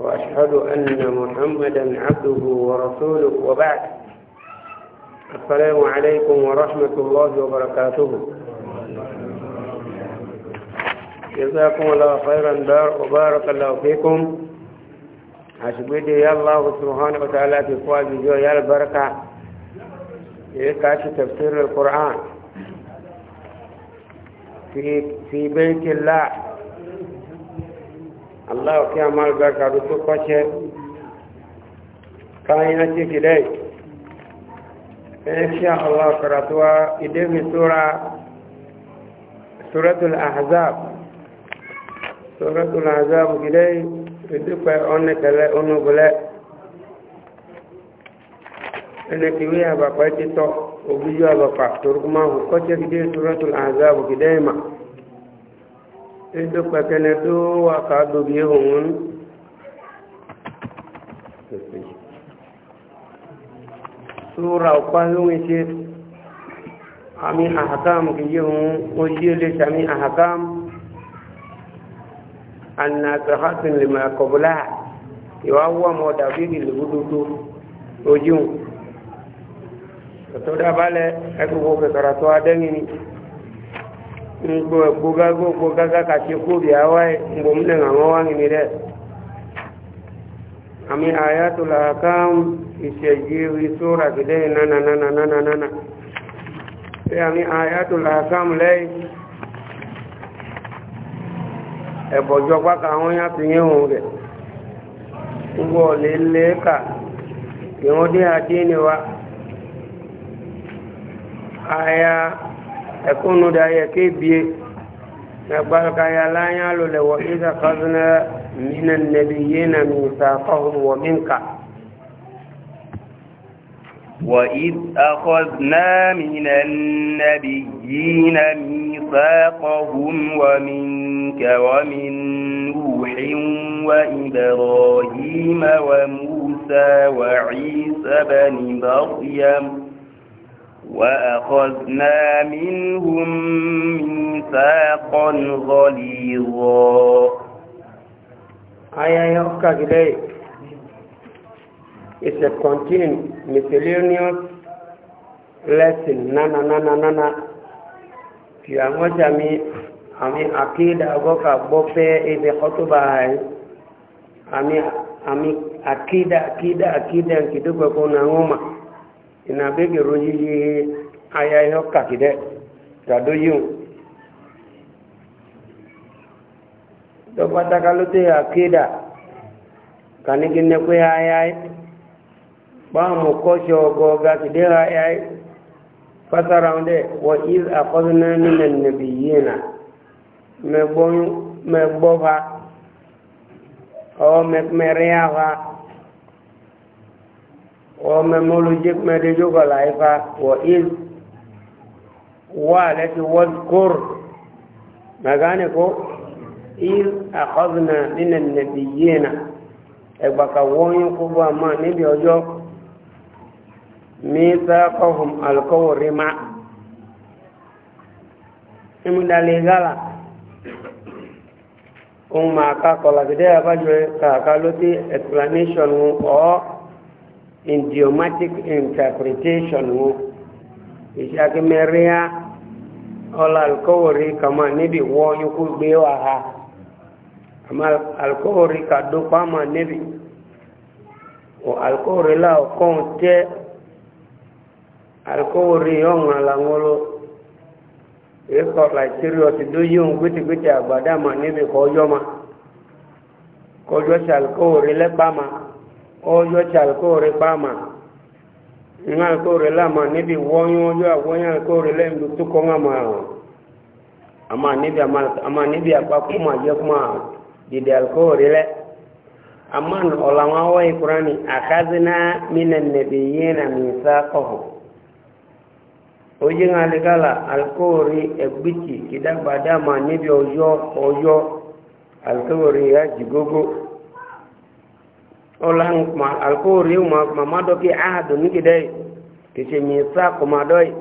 وأشهد أن محمدا عبده ورسوله وبعد السلام عليكم ورحمة الله وبركاته جزاكم الله خيرا وبارك الله فيكم أشهد يا الله سبحانه وتعالى في فواجه جو يا البركة يكاش تفسير القرآن في في بيت الله Allah kí a máa gba kàrù tó kọ́ṣẹ́ káyín àti kìdẹ́ ẹni kí Allah kàràtúwà ìdẹ́mi sóra suratul ahzab suratul ahzab kìdẹ́ ìdúpẹ́ ọ̀nẹ́kẹ̀lẹ́ ọ̀nùgbọ̀lẹ́ ẹni kìwé àbàpá títọ́ òbíjú àbàpá torùkú máa hù kọ́ṣẹ́ kìdẹ́ suratul ahzab kìdẹ́ ìmọ̀ edo kpɛkɛnɛ do wa ka do bie hoŋun sura kpahiŋ ise ami ahakam ki ye hoŋ o yie le sami ahakam anasihatin lima kɔbla iwa wa mɔ davidi lugududu ojiŋ tɔtɔ daba lɛ ɛkò kò kɛkɛrɛ tɔ ni gbogago gbogaga kati kubi awai ngomle ngawawangi mire ami ayatul ahkam ishajiwi sura na na na nana nana pe ami ayatul ahkam lei ẹ̀bọ̀jọ pákà àwọn yá fi yín òun rẹ̀ gbogbo ọ̀lẹ́ lẹ́ẹ̀kà ìwọ́n dé àdé ni wa aya ẹkúnnu dà yẹ kébìé nàgbàlùkà yà láyà lòlẹ̀ wọ ìdá kọ́sínà mìínà nàbí yéèna mìíta kọ́hùn wọ mìínkà. وإذ أخذنا من النبيين ميثاقهم ومنك ومن نوح وإبراهيم وموسى وعيسى بن مريم وأخذنا منهم ميثاقا غليظا آية يوكا إليه It's a continuing miscellaneous lesson nana nana nana tí àwọn jàmí àmì àkídà agọ́kà gbọ́ pé ibi ọtúbà ẹ̀ àmì àkídà àkídà àkídà kìdúgbẹ̀kọ́ náà wọ́n máa ina bege roji yi aya ino kakide gado yiun dɔgba takalute akida kanigi nekwe ayai e. bamu kɔsɔ gɔga kide ayai e. fasarawunde wa iz akɔduna mina nabiyina mɛ gbɔ mɛ gbɔ fa ɔ mɛ mɛriya fa. وممولوجيك مدجوغ العيفة وإذ والتي واذكر مغانيكو إذ أخذنا من النبيين أبقى وين قبوا ما نبي أجوك ميثاقهم القور مع إمن دليغالا أم ما أكاكو لكده أبجوه كاكالوتي explanation أو idiomatic interpretation wo ìṣàkí mẹ́rìá ọlọ alukọ́wòrí kama níbi wọ́ yókù gbé wà ha àmà alukọ́wòrí ka dókọ́ àmà níbi o alukọ́wòrí la ọkàn tẹ́ alukọ́wòrí ọ̀hún alangolo ikọ̀ làìsírí ọtí dójú ohun gbẹ́tẹ̀gbẹ́tẹ̀ àgbàdo àmà níbi kọjọ́ ma kọjọ́ sí alukọ́wòrí lẹ́pàá ma ọjọ́ tí àlùkò rẹ̀ bá mà ní àlùkò rẹ̀ láàmà níbi wọ́nyún ọjọ́ àwọ̀nyún àlùkò rẹ̀ lẹ́yìn tó kọ́ wọn mà ọ́ àmà níbi àpapọ̀ mà jẹ́ kúmà dìde àlùkò rẹ̀ lẹ́ àmà ọ̀làwọn awọ́ ìkúrán ni àkázínà mínà nẹ̀bí yé nà mí sá kọ̀ọ̀ ojú ń alikala rẹ̀ ẹgbìtì kìdàgbàdàmà níbi ọjọ́ ọjọ́ àlùkò rẹ̀ yá jì olang ma alko riu ma ma mado ki ahadu niki dai kisi misa ko madoi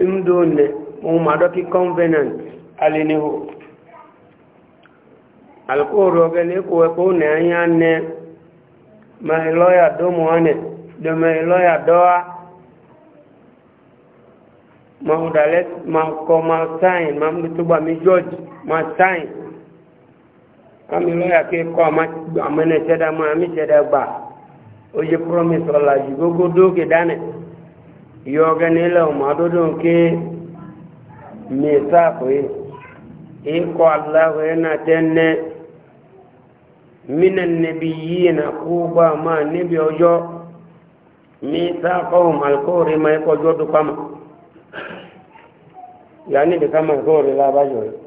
imdone mo mado ki covenant alini ho alko roge ne ko ko ne anya ne ma lawyer do mo ane do ma lawyer doa ma udale ma ko ma sign ma mtuba mi george ma sign kami lọ́yà kí kọ́ àmọ́nà ṣẹ́dá mọ́ àmì ṣẹ́dá gbà ó yẹ promise ọ̀la jù gbogbo dókè dánì yọ ọgẹ́ nílẹ̀ ọmọ àdódó ké mẹ́sàkó yìí ikọ̀ aláwọ̀ ẹ̀nà tẹ́nẹ́ mínà níbi yìí nà kú gbà máa níbi ọjọ́ mẹ́sàkó malkóòrè máa ikọ̀ ọjọ́ dúpá mọ́ yà níbi ká malkóòrè lábájọ́ yìí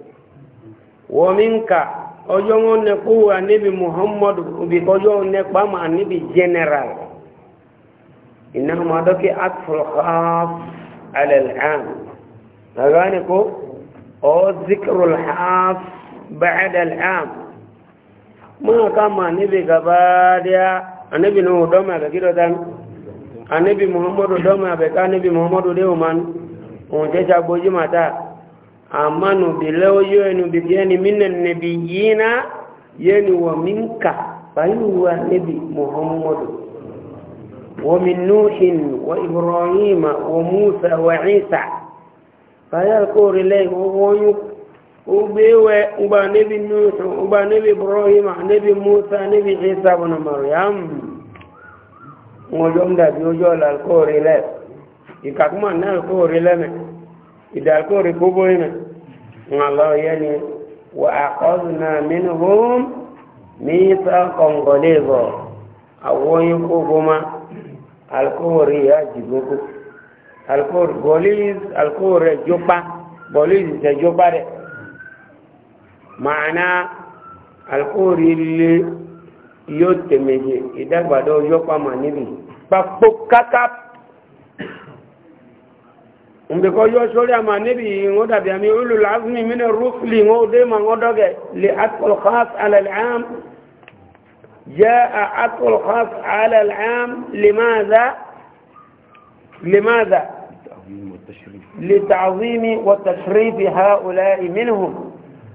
wọ́n mi ń kà ọjọ́ wọn nẹ kó anibi muhammad ọjọ́ wọn nẹ kpama anibi general iná ma dọ́kẹ́ akfọlọ́kọ́f alẹ́lẹ́hàn ọjọ́ wọn kó ọ zikirulhaf bẹ́ẹ̀dẹ̀lẹ́hàn mọ́ kama anibi gabaadíà anibi ní ọdọ́mọ àgbẹ̀kídọ̀ tán anibi muhammad ọdọ́mọ àgbẹ̀ká anibi muhammad ọdẹ́wọ̀n man òun jẹ́ sagbójú màtáà amanu bilawo yenu bigeni minan nabiyina yenu wa minka fayuwa nabi muhammadu ومن نوح وإبراهيم وموسى وعيسى فيذكر إليه وبيوى وبا نبي نوح وبا نبي إبراهيم نبي موسى نبي عيسى بن مريم وجمد بيوجول الكور إليه يكاكما نالكور إليه ìdàkórí gbogbo ìnà wọn lọ yẹ ni wà àkọ́sùnà mínú hóum ní sàkọ̀ǹgọ̀lẹ́ bọ̀ àwọn yín kókó ma alukóòrí yà jìgbókó alukóòrí bọ́líìs alukóòrí rẹ̀ jópa bọ́líìs rẹ̀ jópa rẹ̀ màánà alukóòrí lé yóò tẹ̀mẹ̀jẹ̀ ìdàgbàdo jópa mà níbi kpakpó kákáp ndekọ yọ sori ama nebi ŋo dabi ami ulu laafumi mine rusuli ŋo dema ŋo dɔgɛ li atol khas ala lam jaa atol khas ala lam limaza limaza litazimi wa tashrifi haulai minhum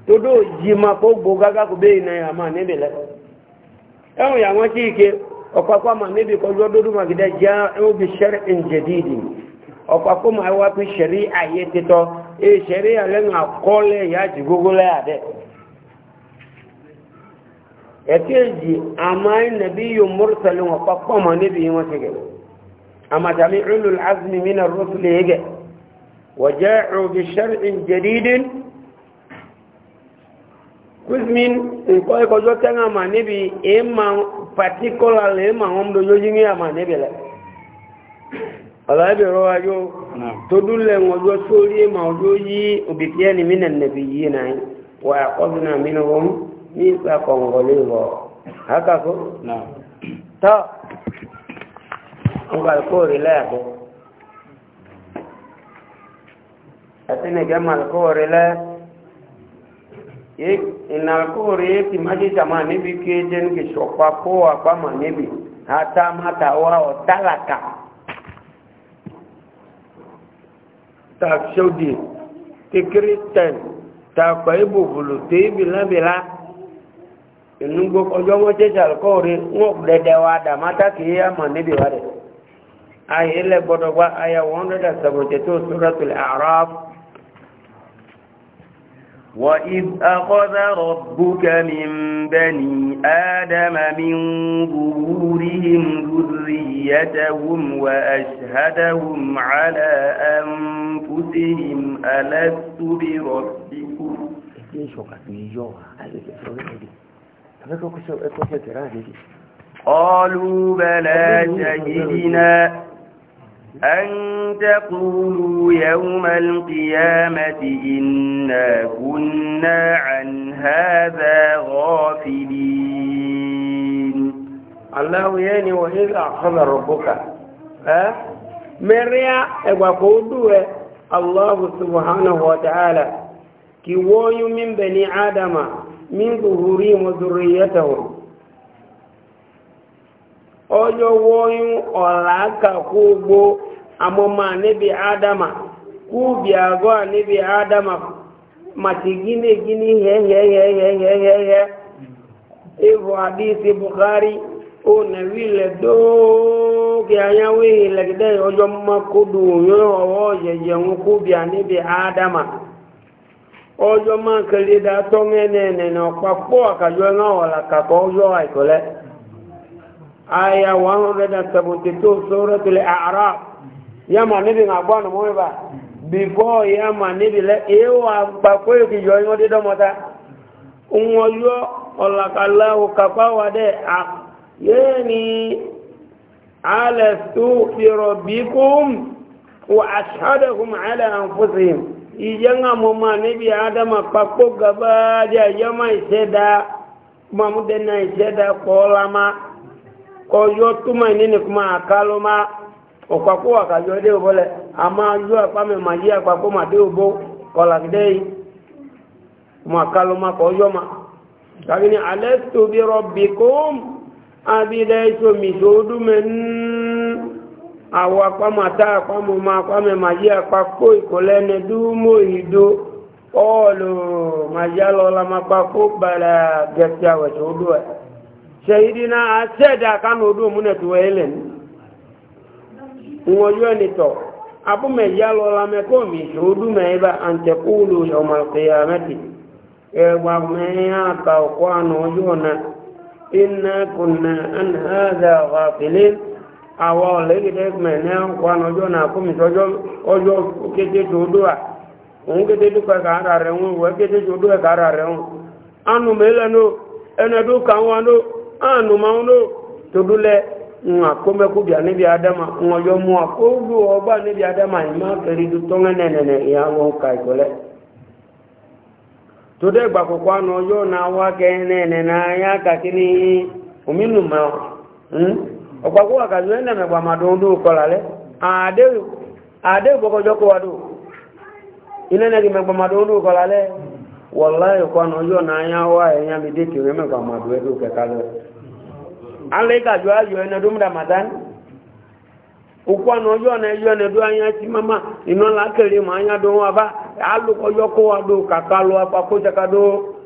to do jima ko gbogaga ko be na ya ma nebi lɛ ɛwọn yà wọn ti ike ama nebi kọjọ dodo magidẹ jaa ɛwọn bi sẹri ɛn jẹdiidi ọkwa kó máa wá pé ṣẹ̀rí ayé títọ́ èyí ṣẹ̀rí àlẹ́nu àkọọ́lẹ̀ ìyá jù gógó láyàdẹ́ ẹ̀kẹ́jì àmà ìnàbí yóò mọ́rùsẹ̀lú wọn pápọ̀ mọ́ níbi wọn ṣe gẹ̀ àmàtàmí ulul azmi mina rusuli yege wàjẹ́ òbí ṣẹ́rìn jẹ̀dídín kuzmin nǹkan ẹkọjọ́ tẹ́ngà mà níbi èèmà pàtíkọ́là lèèmà wọn lójójú ní àmà níbi lẹ́ ọ̀làbẹ̀rọ̀ ayó tó dúnlẹ̀ ọjọ́ tó rí ma ọjọ́ yí òbìtí ẹni mínà nẹ̀bí yìí náà wà àkọ́bìnà mínà wọn ní ìgbà kọ̀ǹgọ̀lé rọ̀ akàkó tọ́ ọgbà ìkóòrí lẹ́ẹ̀kọ́ àti nìkẹ́ mà ìkóòrí lẹ́ ìnà ìkóòrí ti má jí níbi kéjẹ́ ní kìsọ̀pá kó àpá mà níbi àtàmátà wà ọ̀tálàkà. ta sodi ti kristian ta kpa ibo bolo te ibilabila enugbo ọjọ wọn tẹsí alikọọri wọn dẹdẹ wa dama ta kì í ama níbi wa dẹ ayé lẹ gbọdọ wa ayé one hundred and seventy two suratul araf. وإذ أخذ ربك من بني آدم من ظهورهم ذريتهم وأشهدهم على أنفسهم ألست بربكم قالوا بلى شهدنا أن تقولوا يوم القيامة إنا كنا عن هذا غافلين الله يعني وإذ أخذ ربك أه؟ مريا وقودوا الله سبحانه وتعالى كي من بني آدم من ظهورهم وذريتهم onye wụnyụ ọla aka kwa ugbo amụma nebe adama kwubi agụ a nebe adama mati gine gine ihe ihe ihe ihe ihe ihe ihe ihu adịsị bukari o na wile dooke anya wihe legide ọjọ mma kodu onye ọwọ ọjeje nwoke ubi a nebe adama ọjọ mma kele da tọnwe na-enene ọkpa kpọọ akajọ na ọla kaka ọjọ aikọle aya 172 suratul a'raf yama nibi ngagbanu mo ba before yama nibi le ewa gba ko ki yo yon de domota unwo yo olakallahu kafawa de a yani alastu bi rabbikum wa ashhadahum ala anfusihim ijenga mo ma nibi adama papo gaba de yama iseda mamude na iseda kolama ọjọ́ túmọ̀ nínú kúmọ̀ àkálọ́ máa ọ̀pàpọ̀ àkàjọ́ dé òbó a máa yọ àpámẹ̀ máa yí àpapọ̀ máa dé òbó kọlàkídẹ́ yìí kúmọ̀ àkálọ́ máa kọ́ ọjọ́ máa tàbí ni alẹ́ tóbi rọ̀bì kó abídẹ́ ìṣòmì ìṣòdúmẹ̀ ń àwọ̀ àpámọ̀ àtà àpámọ̀ máa àpámẹ̀ máa yí àpapọ̀ ìkọlẹ́ni dúmọ̀ ìdó ọ̀ọ́lù máa yá lọ́la máa pa kó gẹ̀ẹ́sì àwẹ̀ṣòdú ẹ̀ sẹ̀yìdínà àṣẹ́dà kánú odó múnẹ̀tò ẹlẹ̀ ní ìwọ̀nyọ́ ẹnìtọ̀ abúmẹ̀yà lọ́la mẹ́kọ́ mi ṣòódú mẹ́ẹ̀bá àǹtẹ̀kúlù ọmọlẹ́yà mẹ́tì ẹ̀wà mẹ́yà àkà ọ̀kọ́ àná ọjọ́ náà iná kùnà ẹnìhàdà ọ̀fàfìlẹ́ àwọn ọ̀lẹ́gẹ̀dẹ́ mẹ́ẹ̀ẹ́ ọkọ̀ àná ọjọ́ náà kó mi sọjọ́ ọjọ́ kété ṣòódó à òun kété dúkọ̀ ẹ̀ka ara rẹ̀ wọn wọ́n kété ṣòódó ẹ̀ka ara rẹ̀ anu maulo todule nga kome kubia nibi adama nga yomu akudu oba nibi adama ima keridu tonga nenene ya wonkai kole tode gba kokwa no yo na wa kenene na ya kakini uminu ma hmm ọ̀pọ̀ kó wà kàzú ẹ́nà mẹ́gbà máa dùn dùn ade lálẹ́ àádéwì bọ́kọjọ́ kó wà dùn ilé nẹ́gbà máa dùn wallahi kwano yo na anya wa enya mi deke we me kwa madu edu ke kalo ale ka jo ayo ene dum ramadan ukwano yo na yo ne do anya ti mama ino la kele ma anya do wa ba alu ko yo ko wa do ka kalo apa ko ja ka do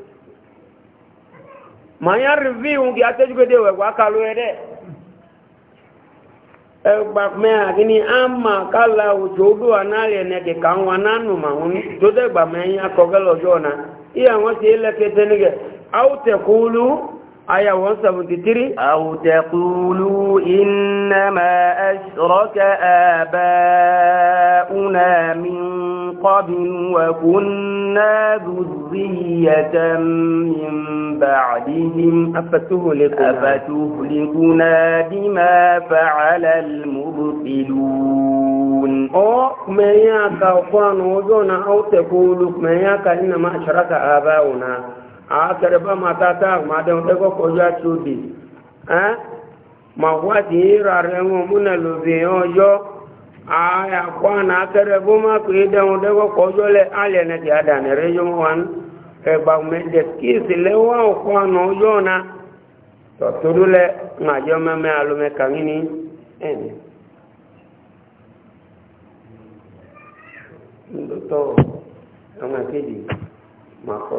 ma ya review ngi ateju ke de we ẹgbà mẹ́ra kí ni a mà kálá òjò ó dùn àná rẹ̀ nẹ̀kẹ̀kà wọn nánú màá ń tó dẹ̀gbà mẹ́yìn akọ̀gẹ́lọ́jọ́ náà iya wọn ti lẹ́kẹ̀ẹ́ tẹ́nigẹ̀ áwùtẹ̀kúlù آية 173 أو تقولوا إنما أشرك آباؤنا من قبل وكنا ذرية من بعدهم أفتهلكنا, أفتهلكنا بما فعل المبطلون أو ما يكا أو تقولوا ما يكا إنما أشرك آباؤنا akẹrẹbá máa tata àmàdẹ́wọ̀n tẹ́kọ̀ kọjú àtúndì ẹ́ ma wádìí ìrà rẹ̀ wọn múnà lòbí ọjọ́ àyàkọ́ àná akẹrẹbó má pé dẹ́wọ̀n tẹ́kọ̀ kọjú lẹ alẹ́nà ti àdànà rẹ̀ yọ wọn mẹ́jẹ àná ọjọ́ mẹ́mẹ́ alómẹ́ kàní ẹ̀mí. ndótọ́ akéde máa kọ́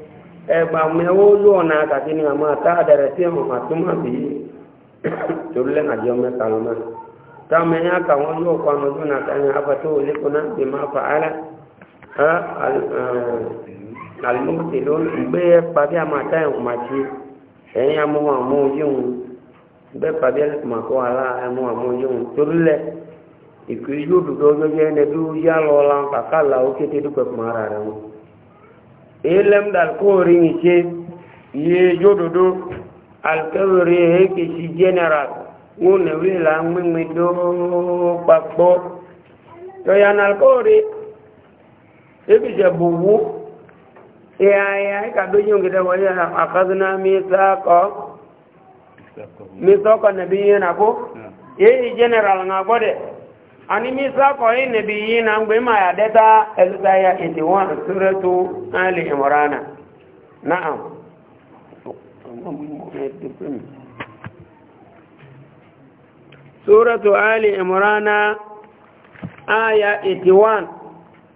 ẹgbà mẹ́wọ́ lóò náà kàkí ni a àtà àdẹ̀rẹ̀ sí ẹ̀mọ̀ àtúmọ̀ bí torí lẹ́nà jẹ́ mẹ́ta lọ mẹ́rin táwọn ẹ̀yà kàwọn yóò kọ́ ọmọ ọdún náà kàní abató olékun náà pàdé ojú pàdé ojú torí ìkú yóò ọjọ́ ẹni ó ilm da alkawari ce ye jododo alkawari ya ke shi general wọnà wíìlà mímí tó papọ̀ tọ́yàn alkawari ebi jẹ buwu ìhàyà ìkàdójú ògidẹ wọlé àkásínà mísàkọ́ mísàkọ́ nàbí yẹn nàkó èyí general ń agbọ́dẹ̀ ani misa kɔyi nabi yi na ŋgbe ma ya dɛta ɛlutaya iti wɔn suratu ali imorana na'am suratu ali imorana aya iti wɔn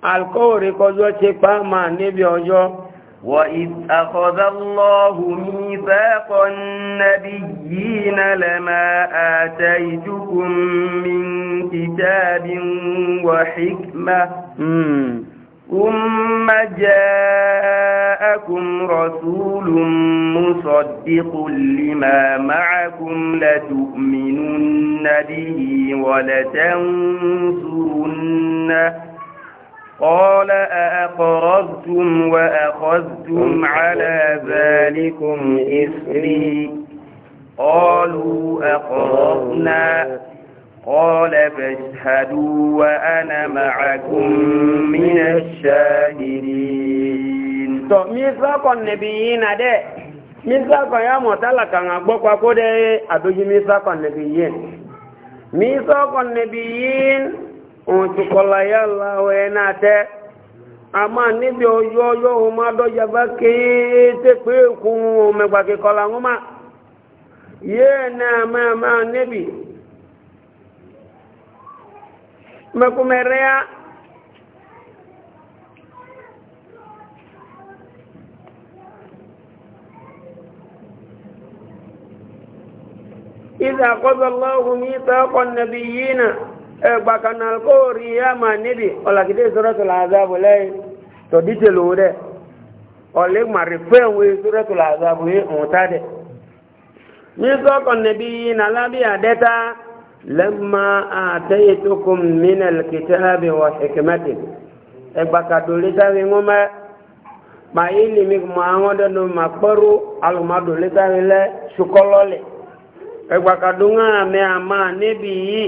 alkawari kɔjɔ tse ma nebi ɔjɔ. وَإِذْ أَخَذَ اللَّهُ مِيثَاقَ النَّبِيِّينَ لَمَا آتَيْتُكُم مِّن كِتَابٍ وَحِكْمَةٍ ثُمَّ جَاءَكُمْ رَسُولٌ مُصَدِّقٌ لِّمَا مَعَكُمْ لَتُؤْمِنُنَّ بِهِ وَلَتَنصُرُنَّهُ قال أأقررتم وأخذتم على ذلكم إثري قالوا أقرضنا قال فاشهدوا وأنا معكم من الشاهدين طب ميثاق النبيين ده ميثاق يا متلقى أبوك وكده أبوك ميثاق النبيين ميثاق النبيين òtùkọ̀lá yà láwọ̀ ẹ̀nà àtẹ́ a máa níbi ọjọ́ ọjọ́ ohun máa dọ́jà bá kéèté pé èkún mẹ́gbàkì kọlá wọn máa yéè náà máa máa níbi mẹ́kúnmẹ́rẹ́á إذا قضى الله ميثاق ẹgbà kanal kó rí ya ma níbi ọ̀làkìdé sọ́rọ̀tọ̀lá àzábò lẹ́yìn tó díje lòó dẹ̀ ọ̀lẹ́ màrí fẹ́ẹ̀wé sọ́rọ̀tọ̀lá àzábò yé òun tá dẹ̀. ní sọ́kàn níbi yìí nà lẹ́mà àtẹ́yẹ tó kún mínàl kìtàbí wà ṣèkìmẹ́tì ẹgbà kàdólé sáré ń mẹ́ màá yí mọ àwọn dẹnu mà sáré ẹgbà àmà níbi yìí.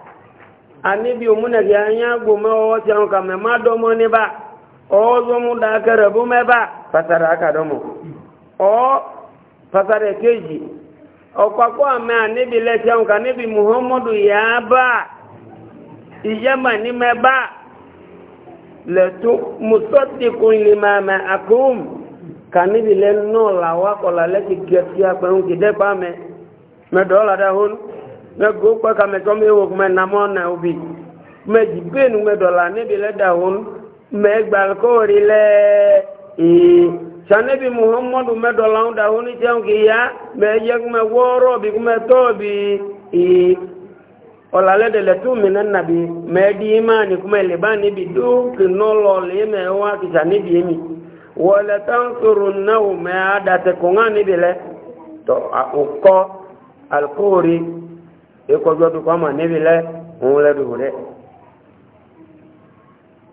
anibi omuna gị anya gbome ọwọsi ahụ ka mmemme adọmọ n'ebe a ọzọ mụ da akara bụ m ebe a pasara aka dọmọ ọ pasara ekeji ọkwakọ ame anibi lesi ahụ ka anibi muhammadu ya ba ijema n'ime ba letu musọtikun limame akum ka anibi lẹnu náà làwọn akọlà lẹsi gẹsi apẹun kìdẹ́pàmẹ mẹdọ́ọ́lá dahonu. mɛ go kpa kame tɔ mɛ wo mɛ namɔ na obi mɛ dzi benu mɛ dɔla ne bi lɛ da hon mɛ gbal kɔɔri lɛ ee sani bi muhammadu mɛ dɔla ŋu da hon tiɛn k'i ya mɛ yɛ kumɛ wɔɔrɔ bi kumɛ tɔɔ bi ee ɔla lɛ de lɛ tu mi na nabi me di ima ni kumɛ liba ni bi do kinɔlɔ le me wa kisa ni bi mi wɔlɛ tan soro na o mɛ a da tɛ kɔŋa ni bi lɛ tɔ o kɔ alikɔɔri. ekɔjɔ do kɔma nebi lɛ òun lɛ do rɛ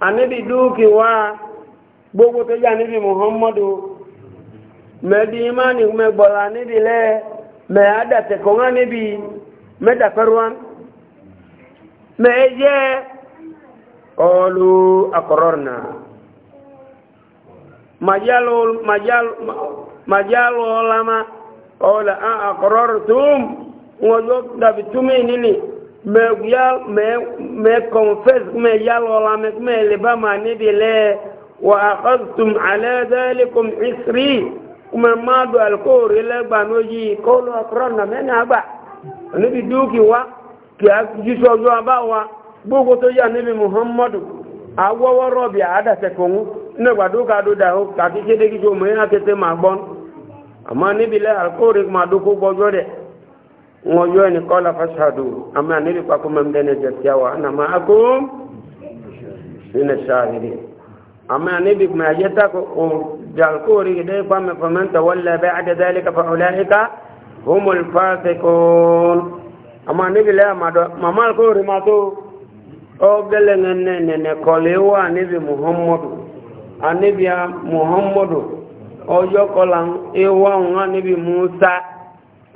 anebi duuki wa gbogbo tó dza anebi muhammadu mɛdi imani mɛ gbɔla anebi lɛ mɛ adatɛ kɔŋa anebi mɛ dafɛruan mɛ eyɛ ɔlu akɔrɔrina madialu madialu madialu ɔlama ɔla akɔrɔrɔ tum. wọn yóò dàbí túmí nílì me mẹ̀ confess yà ma níbi lẹ́ wà àkọ́sùtùm alẹ́dẹ́lẹ́kùm ìsírí kùmẹ̀ máa dùn àlùkòrè lẹ́gbàá ní oyì kọ́ọ̀lù nà mẹ́nà àgbà wa kì á jí sọ́jọ́ abá wa gbogbo tó yà níbi muhammadu awọ́wọ́rọ̀ bí àádàsẹ̀ kò ń nígbà dúkà dúdà ó kàkíkédé kíkó mẹ́rin àkété màgbọ́n ngoyo ni kola fashhadu ama nilipa kuma mdene jatia wa ana maakum min shahidi ama nibi kuma yata ko jalkuri de pa me famanta wala ba'da dhalika fa ulaika humul fasiqun ama nibi la mado mamal ko rimato o gele ngene ne ne kole muhammadu nibi muhammad anibi muhammad ojo kolan ewa wa nibi musa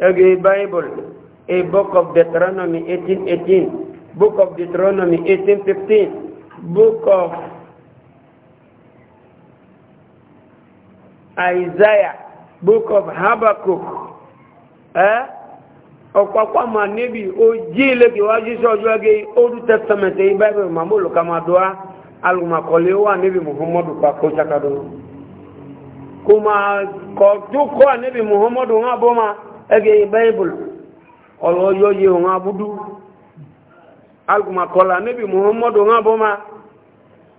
ege bible a book of deuteronomy 18:18 book of deuteronomy 18:15 book of isaiah book of habakkuk eh ọ̀pọ̀pọ̀ ma níbi ó jí ilé kìwájú old testament èyí bible mamolo kamadua alùmọ̀kọ̀lẹ́ wà níbi muhammadu pàkó sakadọ́ kò máa kọ̀ tó kọ́ níbi muhammadu wọn bọ́ ma. ege bible olo yoye won abudu alguma kola nabi muhammad won aboma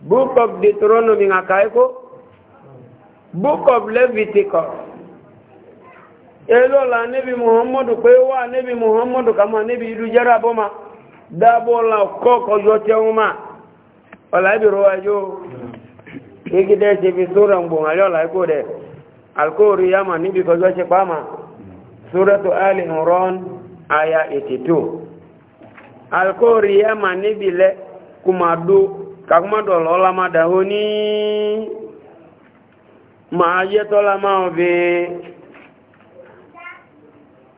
book of deuteronomy ngakai ko book of leviticus elo la nabi muhammad pe wa nabi muhammad kama nabi dujara aboma dabo la koko yote uma ola ibiro ajo ikide se bi sura mbonga yo la ko de alkoriyama nibi ko zoche kwama suratu ali imran aya 82 alkori ya manibile kumadu kakumado lola madahoni maaye tola maobe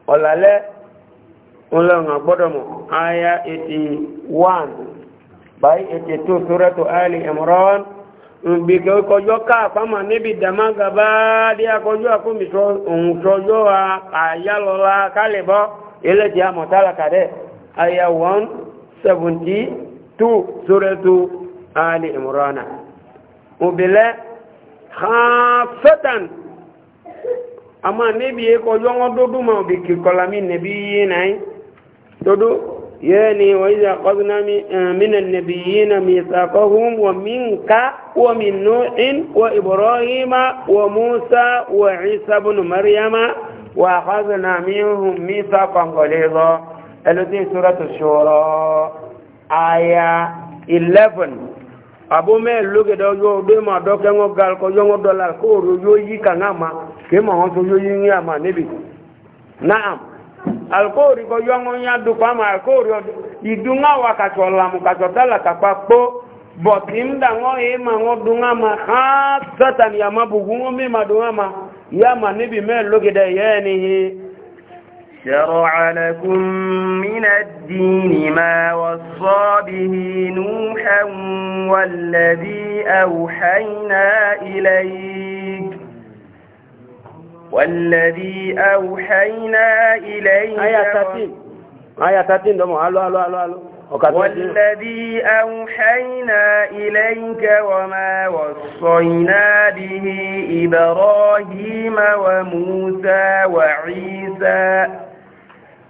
olale olonga gbodomo aya 81 by 82 suratu ali imran gbèkè kọjọ́ káàpámà níbi dàmága bá dé akọjọ́ àkómìtọ́ òun tọjọ́ àyálọ́lá kálẹ̀bọ́ eléjì àmọ̀tálàkàdẹ́ àyà 172 sórẹ́tù alì ìmúránà òbílẹ̀ hafẹ́tàn àmà níbi kọjọ́ wọn dúdú mọ̀ òbí kìkọlámì níbi yìí náà dúdú يعني وإذا أخذنا من النبيين ميثاقهم ومنك ومن نوح وإبراهيم وموسى وعيسى بن مريم وأخذنا منهم ميثاقا غليظا التي سورة الشورى آية 11 abu me luge do yo de ma do ke ngo gal ko yo ngo dollar ko ro yo yi ka ngama ke ma ho yo yi ngama nebi naam alkóòrí kọjú ọmọ ya dùkọ́ ama alkóòrí ìdúnwà wà kàtọ̀ làmù kàtọ̀ tálà kàpá pó bọ̀tí ń dà wọ́n èé ma wọ́n dúnwà ma ha sátà ni àmà bùkú ma ma yá ma níbi mẹ́rin lókèdè yẹ́ ẹni he شرع لكم من الدين ما وصى والذي أوحينا إليك آية 13 آية 13 دمو ألو ألو ألو ألو والذي أوحينا إليك وما وصينا به إبراهيم وموسى وعيسى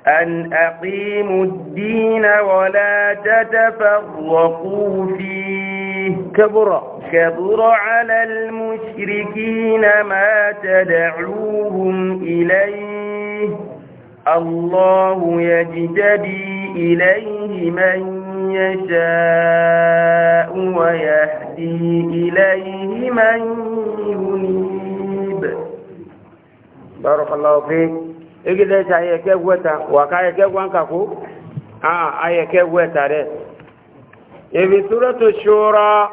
أن أقيموا الدين ولا تتفرقوا فيه كبر كبر على المشركين ما تدعوهم إليه الله يجتبي إليه من يشاء ويهدي إليه من ينيب بارك الله فيك egide ta ayẹkẹ wẹta wàká ayẹkẹ wankako ah ayẹkẹ ebi suratu shura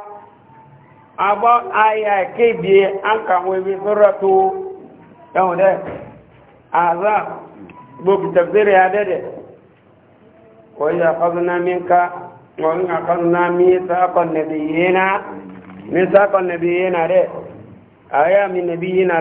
abọ ayẹkẹ bie ebi suratu ẹwọn dẹ aza gbogbo tafsiri adẹ dẹ wọ́n akọ́dúnná mi ká wọ́n akọ́dúnná mi mi na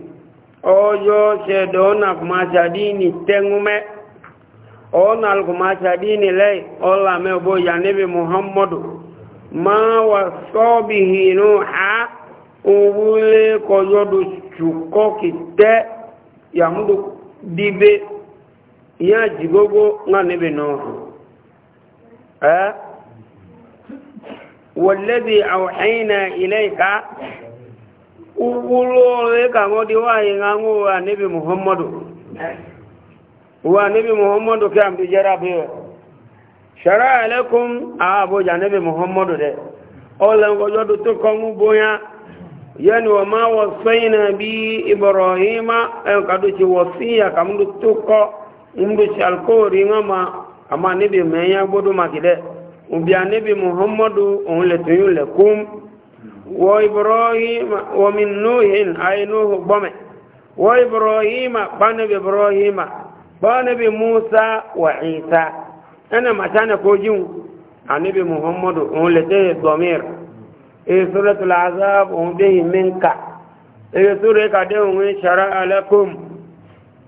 ojo se dona kuma chadini tengume ona kuma chadini le ola me bo ya muhammadu ma wa sabihi nuha ubule ko chuko kite ya mudu dibe ya jigogo nga nabi nuhu uwulowe kango diwaye ngango wa nabi muhammadu wa nabi muhammadu ke amdu jarabe shara alaikum abu ja nabi muhammadu de olan go jodu to kongu boya yani wa ma na bi ibrahima en kadu ci wasiya kamdu tuko mdu ci alkori ma ama nabi meya bodu makide ubi nabi muhammadu on le tuyule kum وإبراهيم ومن نوح أي نوح بمه وإبراهيم بنبي إبراهيم بنبي موسى وعيسى أنا ما كان كوجو النبي محمد ولته الضمير إيه سورة العذاب وبه منك إيه سورة كده شرع لكم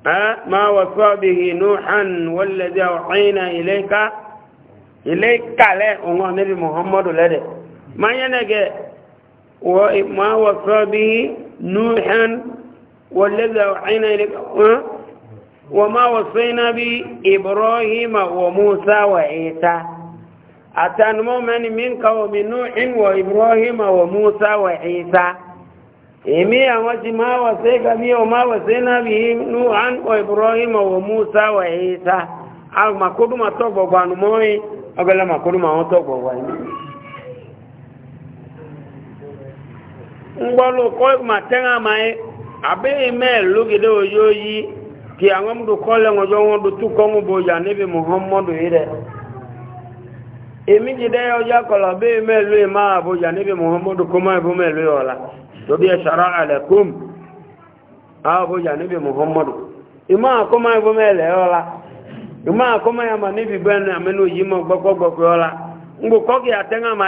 أه ما وصى به نوحا والذي أوحينا إليك إليك له النبي محمد لده ما ينجي وما وصى به نوحا والذي أوحينا إليك وما وصينا به إبراهيم وموسى وعيسى أتان مؤمن من قوم نوح وإبراهيم وموسى وعيسى إمي أمتي ما وصيك به وما وصينا به نوحا وإبراهيم وموسى وعيسى أو ما كنت ما تبقى نموي أقول ما كنت ما تبقى ngbọ́lù kọ́ ma tẹ́ngà ma yẹ àbẹ́yẹ mẹ́ẹ̀lú gẹ́dẹ́ òyó yí kí àwọn ọmọdé kọ́ lẹ́wọ̀n jọ wọn tó kọ́ mú bòyà níbi muhammadu yìí rẹ̀ èmi jìdẹ́ ọjà kọlọ̀ àbẹ́yẹ mẹ́ẹ̀lú yìí máa bòyà muhammadu kọ́ máa sara muhammadu ìmọ̀ ma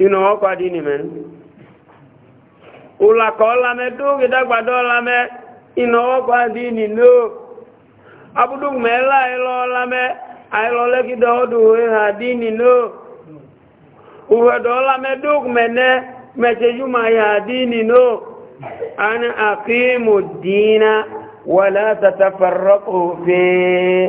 inú wọn kọ́ adé ni mẹ́rin òlàkọ́ ọlámẹ́ dóògì dàgbàdo ọlámẹ́ inú wọn kọ́ adé ni nóò abúdógùnmẹ́ ẹ̀lá ẹ̀lọ́ ọlámẹ́ àìlọ́ lẹ́kìdọ́ ọdún ìhà adé ni nóò òwẹ̀dọ̀ ọlámẹ́ dóògùnmẹ́ nẹ́ mẹ́tẹ̀júmọ̀ ìhà adé ni nóò àni àkíyèmọ̀ dìínà wàlá tàtàfàrọ́kọ̀ fẹ́ẹ́.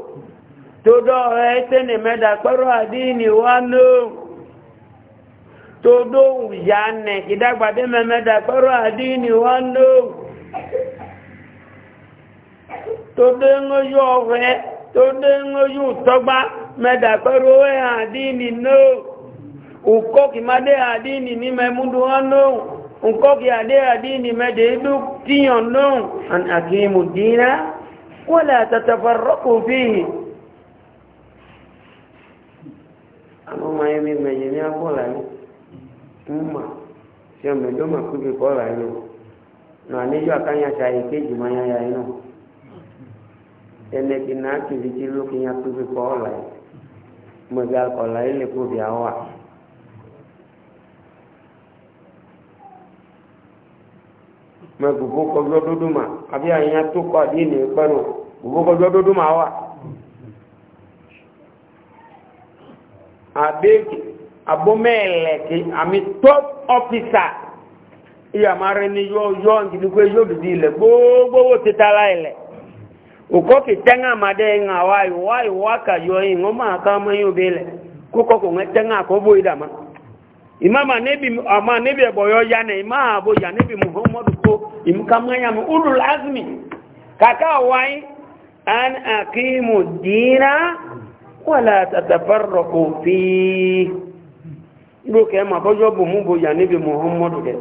tó dọ́ọ̀rọ̀ ẹ́tẹ́ ní mẹ́ta pẹ́rọ àdínì wá náà tó dóhùn yà nẹ̀ ìdágbàdé mẹ́ta pẹ́rọ àdínì wá tó dóhùn yóò ọ̀rẹ́ tó dóhùn yóò tọ́gbá mẹ́ta pẹ́rọ àdínì náà ùkọ́kì mádé àdínì ní mẹ́múdú náà lè àtàtàfà rọ́kùn àmọ́ máa yẹ mi mẹ̀yẹ ní agbọ́là ní mma tí ọmọ ẹ̀dọ́ máa kú bí bọ́ọ̀là yìí o nà níjọ́ àkáyàṣà yìí kéjì máa yáyà yìí nà ẹnẹ́bí náà kìlì tí lókè yẹn kú bí bọ́ọ̀là yìí mọ̀gá ọ̀là yìí lè kó bí àwọ̀ à. mẹ gbogbo kọjọ dúdú ma àbí àyìn atúkọ àbí ènìyàn pẹ̀lú gbogbo kọjọ dúdú ma wà. abe abomɛlɛki ami top officer iyamari ni yɔ yɔ nkiri ko yɔ didi lɛ gbogbo wo ti ta la yi lɛ òkò kì tẹ́ngà má dé ŋà wá yi wá yi wá ka yọ yi ŋọ́ máa ká mọ́ yóò bẹ́ lẹ̀ kókò kò ŋẹ́ tẹ́ngà kó bó yi dàmá ìmáma níbi ọmọ níbi ẹ̀bọ̀ ya nẹ ìmá àbò ya níbi muhammadu kó ìmúka mọ́nyàmú ulu lazmi kàkà wáyé an akimu dina ولا تتفرقوا فيه يقول كما فجب مبو يا يعني نبي محمد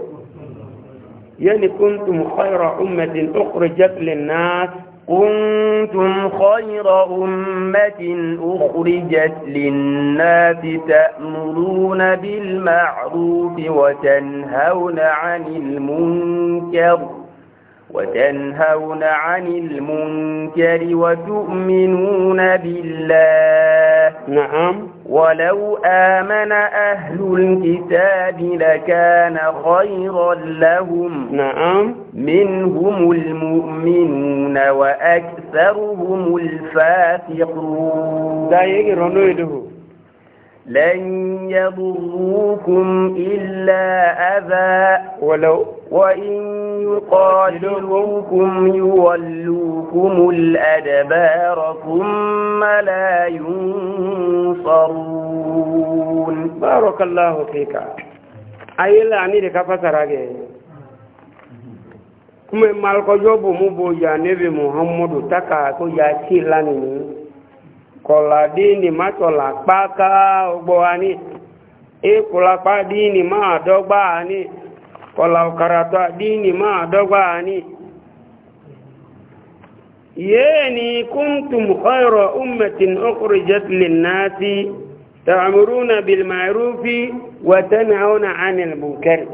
يعني كنتم خير أمة أخرجت للناس كنتم خير أمة أخرجت للناس تأمرون بالمعروف وتنهون عن المنكر وتنهون عن المنكر وتؤمنون بالله نعم ولو آمن أهل الكتاب لكان خيرا لهم نعم منهم المؤمنون وأكثرهم الفاسقون لن يضروكم إلا أذى ولو وإن يقاتلوكم يولوكم الأدبار ثم لا ينصرون بارك الله فيك أي أني لك فسر kuma malko jobu mu boja nebe muhammadu taka ko ya ci lanini kọ̀là díìnì má tọ̀là páká ọgbọ́ wa ní ìkùlápá díìnì má àdọ́gbà wa ní kọ̀là ọ̀kàràtọ̀ díìnì má àdọ́gbà wa ní. yéèni kúntùm ọ̀rọ̀ ummetin ọkùnrin linnaasi tàmùrúnà bilmàrúfi wàtánàwọnà anil bunkari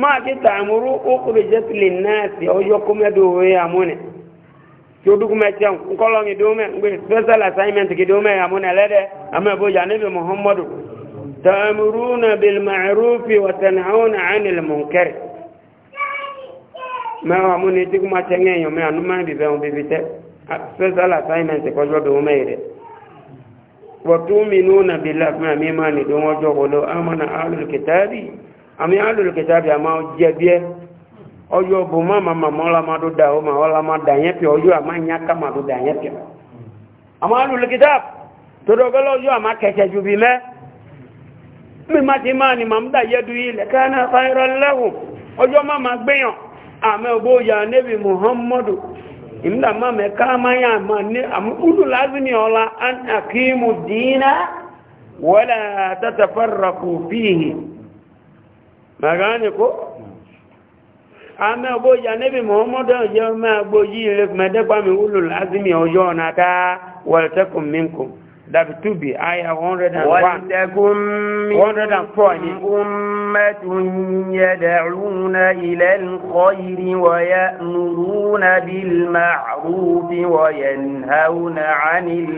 máa ti tàmùrú ọkùnrin linnaasi ọjọ́ kúmẹ́dọ̀ wẹ́ àmúnẹ̀ tí ó dúkú mẹ́tí ẹ̀hùn ńkọ́lọ́nì dómẹ́ ń gbé special assignment kì dómẹ́ àmúnà ẹlẹ́dẹ́ àmúnàbójà níbi muhammadu tààmùrúnà bilma'arufi wàtànàún àánil munkari mẹ́wàá múni tí kú máa ah, tẹ́ngẹ́ èèyàn mẹ́ ànúmọ́ ìbíbẹ̀ ohun bíbí tẹ́ special assignment kọjọ́ dómẹ́ rẹ̀ wàtúmínúnà bilá fún àmì máa nìdó wọ́jọ́ wọlé àmúnà alùlùkìtàbí àmì alùlùkìtàbí àmà jẹ́bíẹ́ ọjọ́ bò má màmá mọ́ lamadu da o ma ọlamada yẹn pẹ̀ ọjọ́ àmá nyá kamadu da yẹn pẹ̀ àmọ́ alùlùkítà tọ́dọ̀gọ́lọ́ ọjọ́ àmá kẹsẹ̀ ju bí mẹ́ mi má ti máa ni màmúdà yẹdu yìí lẹ́kẹ́ náà fáyọrọ lẹ́wù ọjọ́ má ma gbéyàn àmọ́ ògbó ya nẹ́bi muhammadu ìmúdà má mẹ́ ká má yà má ní àmúkúdù lázìmí ọ̀la akímu dìínà wọ́lẹ̀ tẹ́tẹ̀ fẹ́rẹ̀ kù fíìhì màgánì kó ame bo ya nebi muhammadu ya ma gbo yi le kuma de pa mi ulul azmi ojo na ta wal takum minkum that to be ayah 101 wal takum 104 ni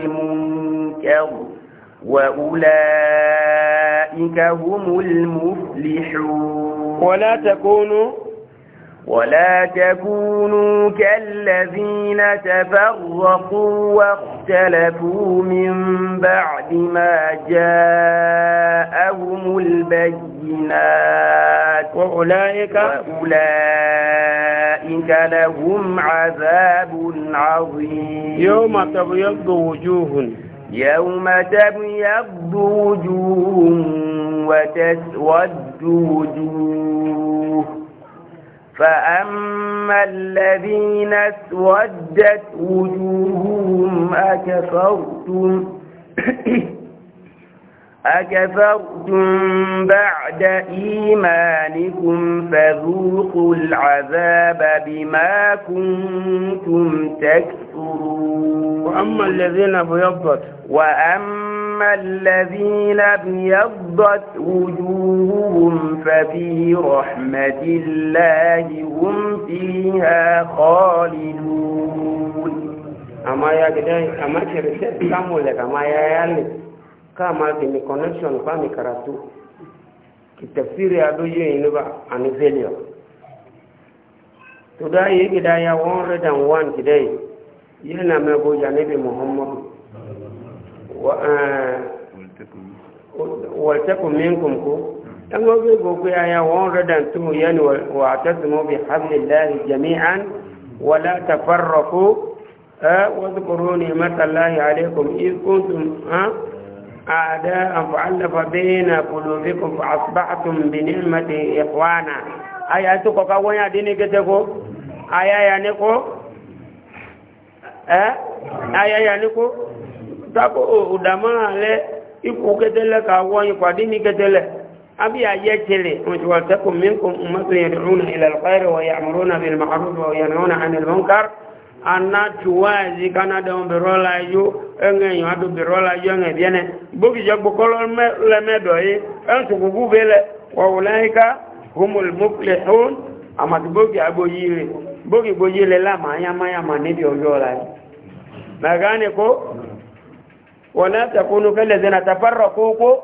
وأولئك هم المفلحون ولا تكونوا ولا تكونوا كالذين تفرقوا واختلفوا من بعد ما جاءهم البينات وأولئك, وأولئك لهم عذاب عظيم يوم تبيض وجوه يوم تبيض وجوه وتسود وجوه فأما الذين اسودت وجوههم أكفرتم أكفرتم بعد إيمانكم فذوقوا العذاب بما كنتم تكفرون وأما الذين بيضت وأما الذين بيضت وجوههم ففي رحمة الله هم فيها خالدون أما يا جدعان أما كم ولا أما يا يالي kama kini connection kwa ni karatu kitafsiri ado ye ni ba ani failure to da ye gida ya 101 today yana me go ya nabi muhammad wa wal takum minkum ku dan go go go ya 102 yani wa tasmu bi hablillahi jami'an wa la tafarraqu واذكروا نعمة الله عليكم إذ كنتم ها أعداء فألف بين قلوبكم فأصبحتم بنعمة إخوانا أي أنتم كوكاوين ديني كتكو أي أي أنكو أي أي أنكو tako udama le iku ketele ka won iku adini ketele abi aye tele wa takum minkum ummatun yad'una ila alkhair wa ya'muruna bil ma'ruf wa yanhauna 'anil munkar anatuwazi kana da mbirola yo enge yo adu birola yo enge biene bogi jagbo kolol me le medo yi en su gugu bele wa ulaika humul muflihun ama bogi aboyire bogi boyile la ma ya ma ya ma ni bi ojola ko wala takunu kal ladina tafarraqu ko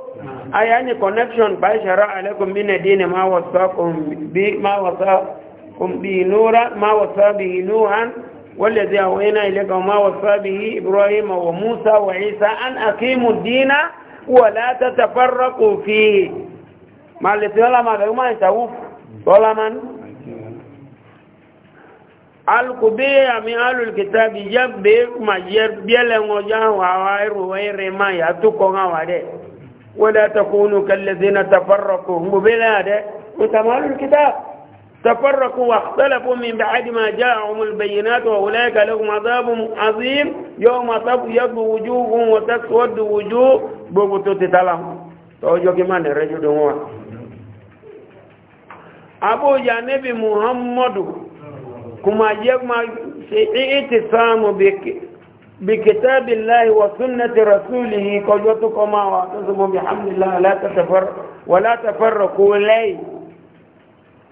ayani connection ba shara alaikum min dini ma wasaqum bi ma wasaqum bi nura ma wasabihi nuhan والذي أوحينا إليك وما وصى به إبراهيم وموسى وعيسى أن أقيموا الدين ولا تتفرقوا فيه ما الذي ولا ما غير ما يتوف ولا من القبيع من أهل الكتاب يبير ما يربيل وجاه وعوائر وغير ما يتوقع وعده ولا تكونوا كالذين تفرقوا مبلا ده وتمال الكتاب تفرقوا واختلفوا من بعد ما جاءهم البينات وأولئك لهم عذاب عظيم يوم تبيض وجوههم وتسود وجوه بغتو تتلهم توجه كمان الرجل هو أبو جانب محمد كما يجمع اعتصام بكتاب الله وسنة رسوله قجوتكما واعتصموا بحمد الله لا تتفرق ولا تفرقوا ليه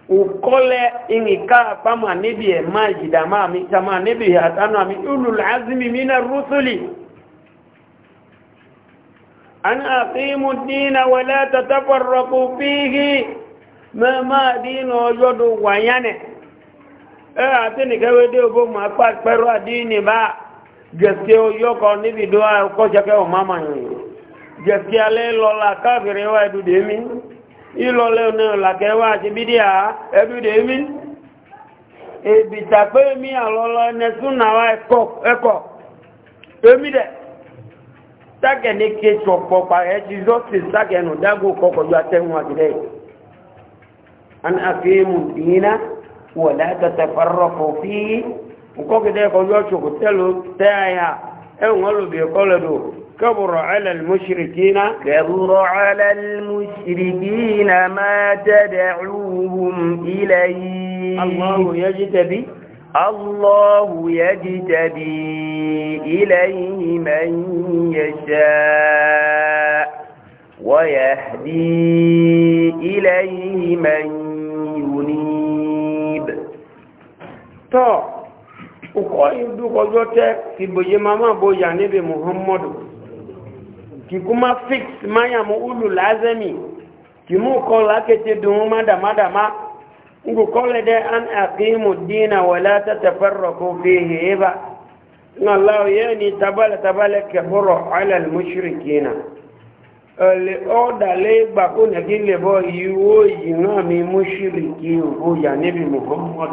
ukole ingikaa kama nibie maji damami e kama nibie hatanami ulul azmi mina rusuli أن أقيموا الدين ولا تتفرقوا فيه ما ما دين وجود ويانه ẹ àti nìkẹ́wé dé ogó ma pa pẹ̀rọ àdínì bá gẹ̀ẹ́sì oyókọ níbi ìdó ọkọ̀ jẹ́kẹ́ ọmọ àmàyàn gẹ̀ẹ́sì alẹ́ lọ́la káàkiri wá ẹ̀dùdé mi ìlọlẹ́ ọ̀nà làkẹwà àti bídíà ẹbídẹ̀ èmi èbìtàpé mi àlọ́lọ́ ẹnẹsúnàwà ẹkọ̀ èmi tákẹ̀ ní kéṣọ̀ pọ̀pà ẹ̀tì justice tákẹ̀ nù dágò kọkọ̀jú atẹ́hùn àtìlẹ́ an àfihàn dìínà wọ̀ látàtà farọ́kọ̀ fí كبر على المشركين كبر على المشركين ما تدعوهم إليه الله يجتبي الله يجتبي إليه من يشاء ويهدي إليه من ينيب تو أقول دوك يوتك في بجمع بوجانب محمد ki kuma fix manya mu ulu lazami ki mu ko la ke te dun ma da ma da ma ngu ko le de an aqimu dina wa la tatafarraqu fihi ba Allah yani tabala tabala kafara ala al mushrikina le oda le gba ko ne ki le bo iwo yi na mi mushriki o ya nabi muhammad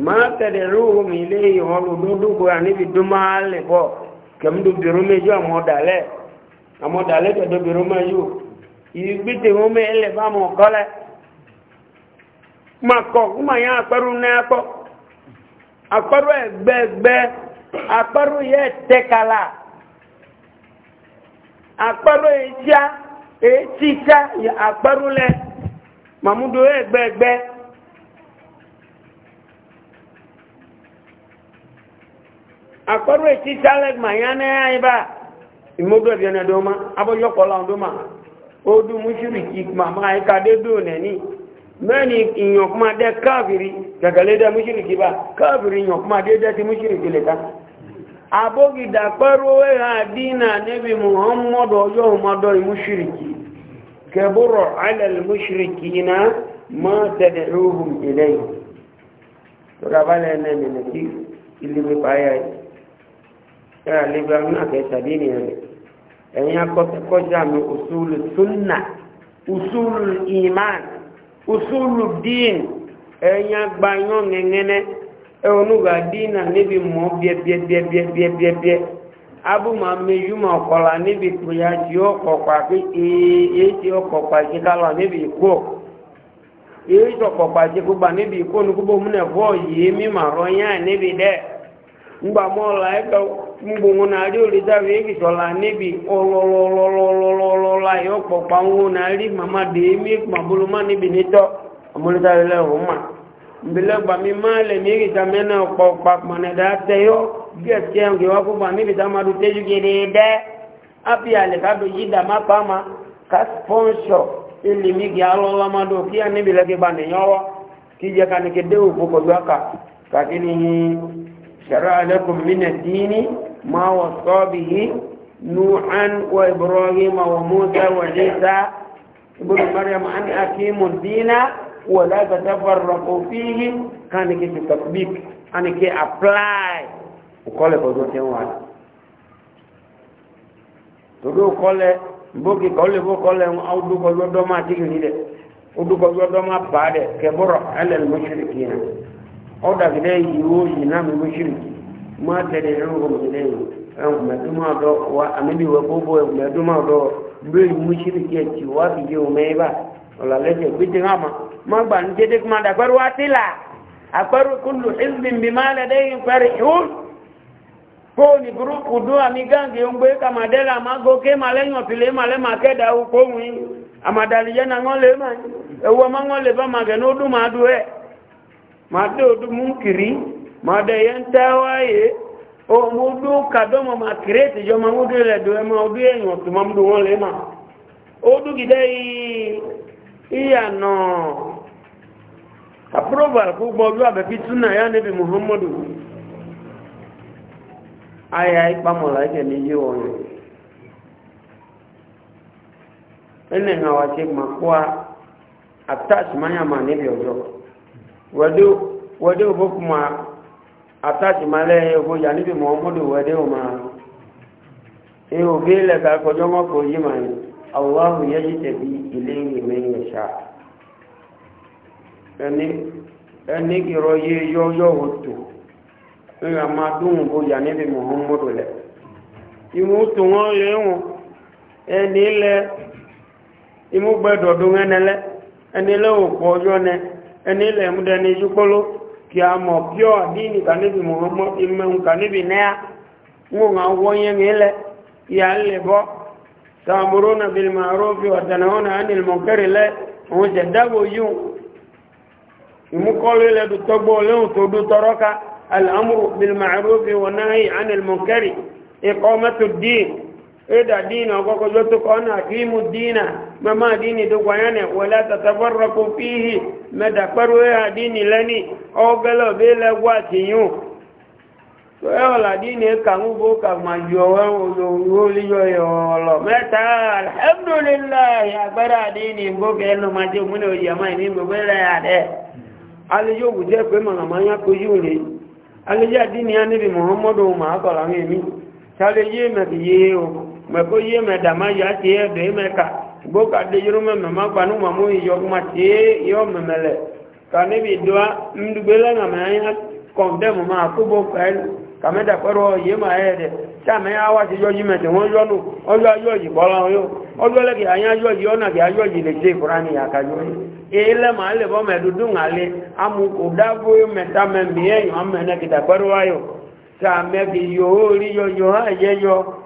ma tadruhum ilayhi wa lududu kẹmídó bèrò méjì àmọ́dàlẹ́ àmọ́dàlẹ́ tẹ̀dọ̀ bèrò méjì ìgbìtẹ̀ wọn mẹ́lẹ̀ bá mọ̀ kọ́lẹ̀ ma kọ̀ kúmà yá àpẹrù náà kọ́ àpẹrù ẹ̀gbẹ́gbẹ́ àpẹrù yẹ tẹ́kàlà àpẹrù èjá èjìjá àpẹrù lẹ màmúdó ẹ̀gbẹ́gbẹ́ akpɔɖo etsitsa lɛ gbanya nɛ ayiba imodo ɛbi ɔnɛ do ma abɔdzɔ kɔla do ma odu musiri tsi mama yi ka de do nɛni mɛni nyɔkuma dɛ kaaviri gɛgɛle dɛ musiri tsi ba kaaviri nyɔkuma de dɛ ti musiri tsi le ta abogida kpɔɖo eha dina nebi muhammadu ɔdzɔ muhammadu yi musiri tsi kɛburo alɛ musiri tsi na ma tɛdɛ ewu ilɛ yi tɔrɔ abalɛ nɛ nɛnɛ ti ilimi pa ya yi. kẹ́rẹ́ libra náà kẹ́ tàbí ènìyàn rẹ̀ ẹ̀yin akọ́kọ́jà mi usulu sunna usulu iman usulu ji ẹ̀yin agbanyọ́ ngẹ́ngẹ́nẹ́ ẹ̀wọ̀nùgbà dín náà níbi níbi kùyà tí ó kọ̀pà pé èyí tí ó kọ̀pà sí kálọ̀ níbi ìkó èyí mgbonwo na ari orizawe ebisola nebi ọlọlọlọlọlọla ọkpọkpa nwo na ari mama de emi maboloma nebi nitọ amolitawele ọma mbelegba mi ma le mi erisa mena ọkpọkpa kpanada teyọ gẹsẹ nke wa fúnpa mi bisa ma do teju gere api ale ka do yida ma pa ma ka sponsor elimi gi alọla ma do kí anebi شرع لكم من الدين ما وصى به نوحا وإبراهيم وموسى وعيسى ابن مريم أن أقيموا الدين ولا تتفرقوا فيه كان كي تطبيق أنا كي أبلاي وقال بزوجين وانا todo kɔlɛ boki kɔlɛ bo kɔlɛ aw du kɔjɔ dɔ ma tigi ni dɛ o du kɔjɔ dɔ ma ba dɛ kɛbɔrɔ ɛlɛ lmusirikina ọ̀dà gidẹ́ yìí wó yìí náà mi mú ṣìrì mú àtẹ̀lẹ̀ ẹ̀rùn gidẹ́ yìí ẹ̀hùnmẹ̀dúnmọ̀ ọ̀dọ́ wa àmìlì wẹ̀ gbogbo ẹ̀hùnmẹ̀dúnmọ̀ ọ̀dọ́ bẹ́ẹ̀ mú ṣìrì kí ẹ̀tì wá fi jẹ́ òun mẹ́rin bá ọ̀làlẹ́sẹ̀ gbẹ́tẹ̀ hàn mà má gbà ní dédé kí má dà pẹ́rù wá sílà àpẹ́rù kúlù ìsìn bí má lẹ́dẹ́ yìí dún àmì gáǹgì ń gbé kàmàdẹ́là má gòkè lẹ́yìn ọ̀fìlẹ́ má lẹ́ má kẹ́dà àmàdàlìyẹ́ na ń lè má ẹ̀wọ́ má ń lè bá má gẹ̀ ní ó dùn má dùn ẹ̀. madodo munkiri made yentawaye o oh mudu kadomo makrete jo mamudu le do mamudu enwo to mamudu wole ma odu gidai iya no aprobar ku bogu abe fituna ya nebi muhammadu ay ay pamola ke ni yo ene nga wache makwa atas manya ma nebi ojo wade obo kuma ataji male obo ya nibi muhammadu wade ma e obe le ka kojo mo ko yi ma ni allah yaji tabi ilayhi man yasha ani ani ki roye yo yo hoto e ga ma dun eni le imu gbedo dun ene eni le o ko ẹni ilẹ̀ mú dẹni ijú pọ́lọ́ kí a mọ̀ píọ̀ àdínì kàníbi mọ̀ọ́mọ́ ìmẹ̀hùn kàníbi náà ń wò wọn wọ́n yẹn ilẹ̀ kí a lè bọ́ sàmúrò náà bí màrú fi ọ̀tẹ̀nà wọn náà nílùú mọ̀kẹ́rì lẹ òun ṣẹ̀ dábò yíò ìmúkọ́lù ilẹ̀ tó tọ́gbọ́ lẹ́hùn tó dú tọrọ ká alàmúrò bí màrú fi wọn náà yìí á nílùú mọ̀kẹ́rì ikọ́ mẹ́tò dín إذا دين وقوكو جوتك أنا أقيم الدين مما ديني دوغياني ولا تتفرقوا فيه meda àdínì lẹ́ni ọgẹ́lẹ̀ bí lẹ́gbọ́ àti yíò tó ẹ́ ọ̀là dínì kàmúgbó kàmàjọ olóyọ ọ̀lọ̀ mẹ́ta alhamdulilayi ya àdínì gbókẹ́ ẹnu máa jẹ́ òmìnira òyìnbó àmà ìní gbogbo ẹ̀rẹ́ àdẹ́ alẹ́jọ́ òkú jẹ́ pé o mẹ́dàmáyà mẹ́ka boka de yurume mama banu mamu yogma ti yo memele kane bi doa mdubela na maya konde ka kubo kael kame da poro ye ma ede ta me awa ti yoji mete won yo nu ojo ayo yi yo le ki yo yi ona ki ayo yi le qurani ya ka yo ele ma le bo me dudu ngale amu ko da bo me ta me mi e yo me ki da ayo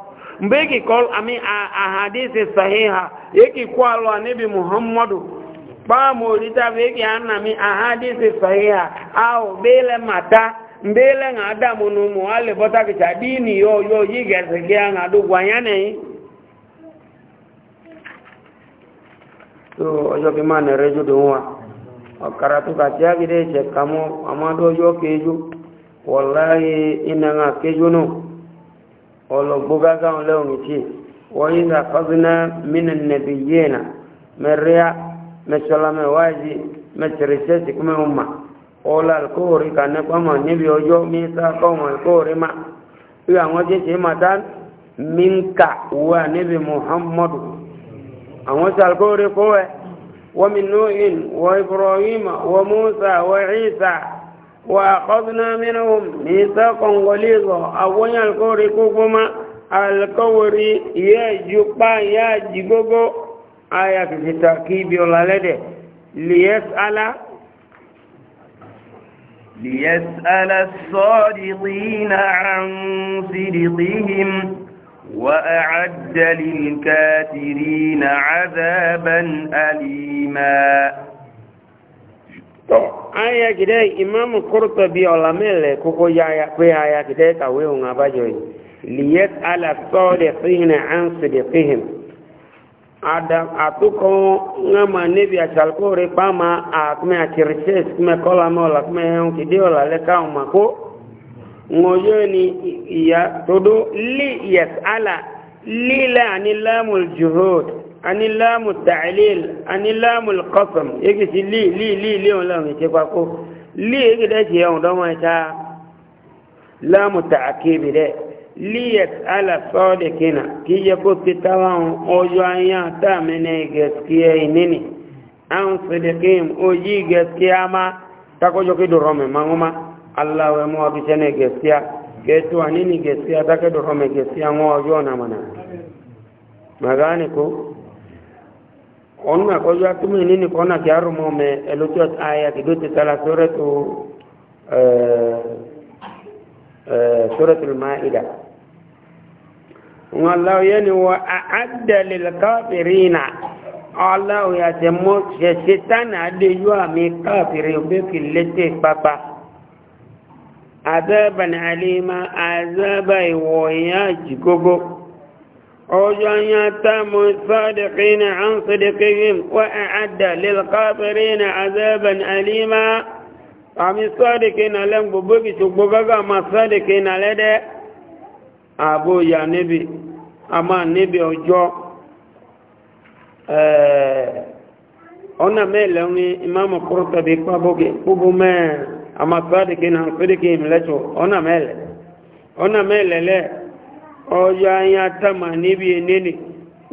mbeki kol ami ahadisi sahiha yeki kwalo anabi muhammadu ba morita veki anami ahadisi sahiha au bele mata mbele nga adamu numu wale bota kicha dini yo yo yigesekea nga dugwa yane so ojo kimane reju duwa karatu katia gide che kamo amado yo keju wallahi ina nga keju no ọlọgbọgá káwọn lẹ́wọ̀n tí wọ́n yí ní àkọ́bínà mínà nàbí yéèna mẹ́rẹ́à mẹ́sọ̀lámẹ́ wáyé mẹ́tẹ̀rẹ̀sẹ̀ sìkúmẹ́ ọmọ ọlọ alukóòrí kàná pọ́mọ̀ níbi ọjọ́ mísà kọ́mọ̀ alukóòrí ma bí àwọn tètè màtá mínka wà níbi muhammadu àwọn sàlkóòrí kówẹ́ wọ́n mi nùhìn wọ́n ibrahim wọ́n musa wọ́n ciisa. وأخذنا منهم ميثاقا غليظا أولا الكوري كوكوما الكوري يا يجبوبو آية في يولا لدي ليسأل ليسأل الصادقين عن صدقهم وأعد للكافرين عذابا أليما tọ aya kìdẹ́ ìmáàmù kúrútọ̀ bíi ọ̀làmẹ́lẹ̀ kókó yáya pé aya kìdẹ́ kàwé òun abájọ yìí liyet alasọ́ọ̀dẹ̀ fihìn ànsìdẹ̀ fihìn àtúkọ̀ ńlámà níbi àṣàlùkórè pàmà àkùnmẹ́ àkìrìṣẹ́ ìsìnkúmẹ́ kọ́lámọ́ ọ̀làkùnmẹ́ ẹ̀hún kìdẹ́ ọ̀làlẹ́ káwọn màkó ńwòye ni ìyá todo liyet ala lílẹ̀ àní lámùl juhud ani laamu tacliil ani laamu lqasam egisi lii lii lii lii on laamu ite kwako lii egida ci yon doma ita laamu tacakibi de liyat ala sodikina kiye ko titawan ojo anya ta mene gaskiya inini an sidikim oji gaskiya ma ta kojo ki durome manguma allah we mo abi sene gaskiya getu anini gaskiya ta ke durome gaskiya mo ojo na mana magani ko ọ̀nà àkọ́jọ́ atúmọ̀ ìní nìkan náà kí á rò mọ́ ọmọ ẹlòjọ́ ayé àkìdó ti tala sórẹ́tò sórẹ́tò máa ìdá wọn láwòye ni wọ́n àádẹ́lẹ̀ káfìrí nà ọláwòye àti mọ́ ṣẹ̀ṣẹ̀ tánà adéyú àmì káfìrí òbẹ́kì létè pápá àbẹ́bàní àlè máa àzábà ìwọ̀nyá jìgógó. أوجعنا تام الصادقين عن صدقهم وأعد للقافرين عذابا أليما أم الصادقين لم ببقي شبقا ما الصادقين لدى أبو يا نبي أما نبي أجو أنا ميلوني إمام قرطبي قبوكي قبو ما أما الصادقين عن صدقهم لتو أنا ميل أنا ميل ليه ọjọ́ hmm. anya tama níbi enene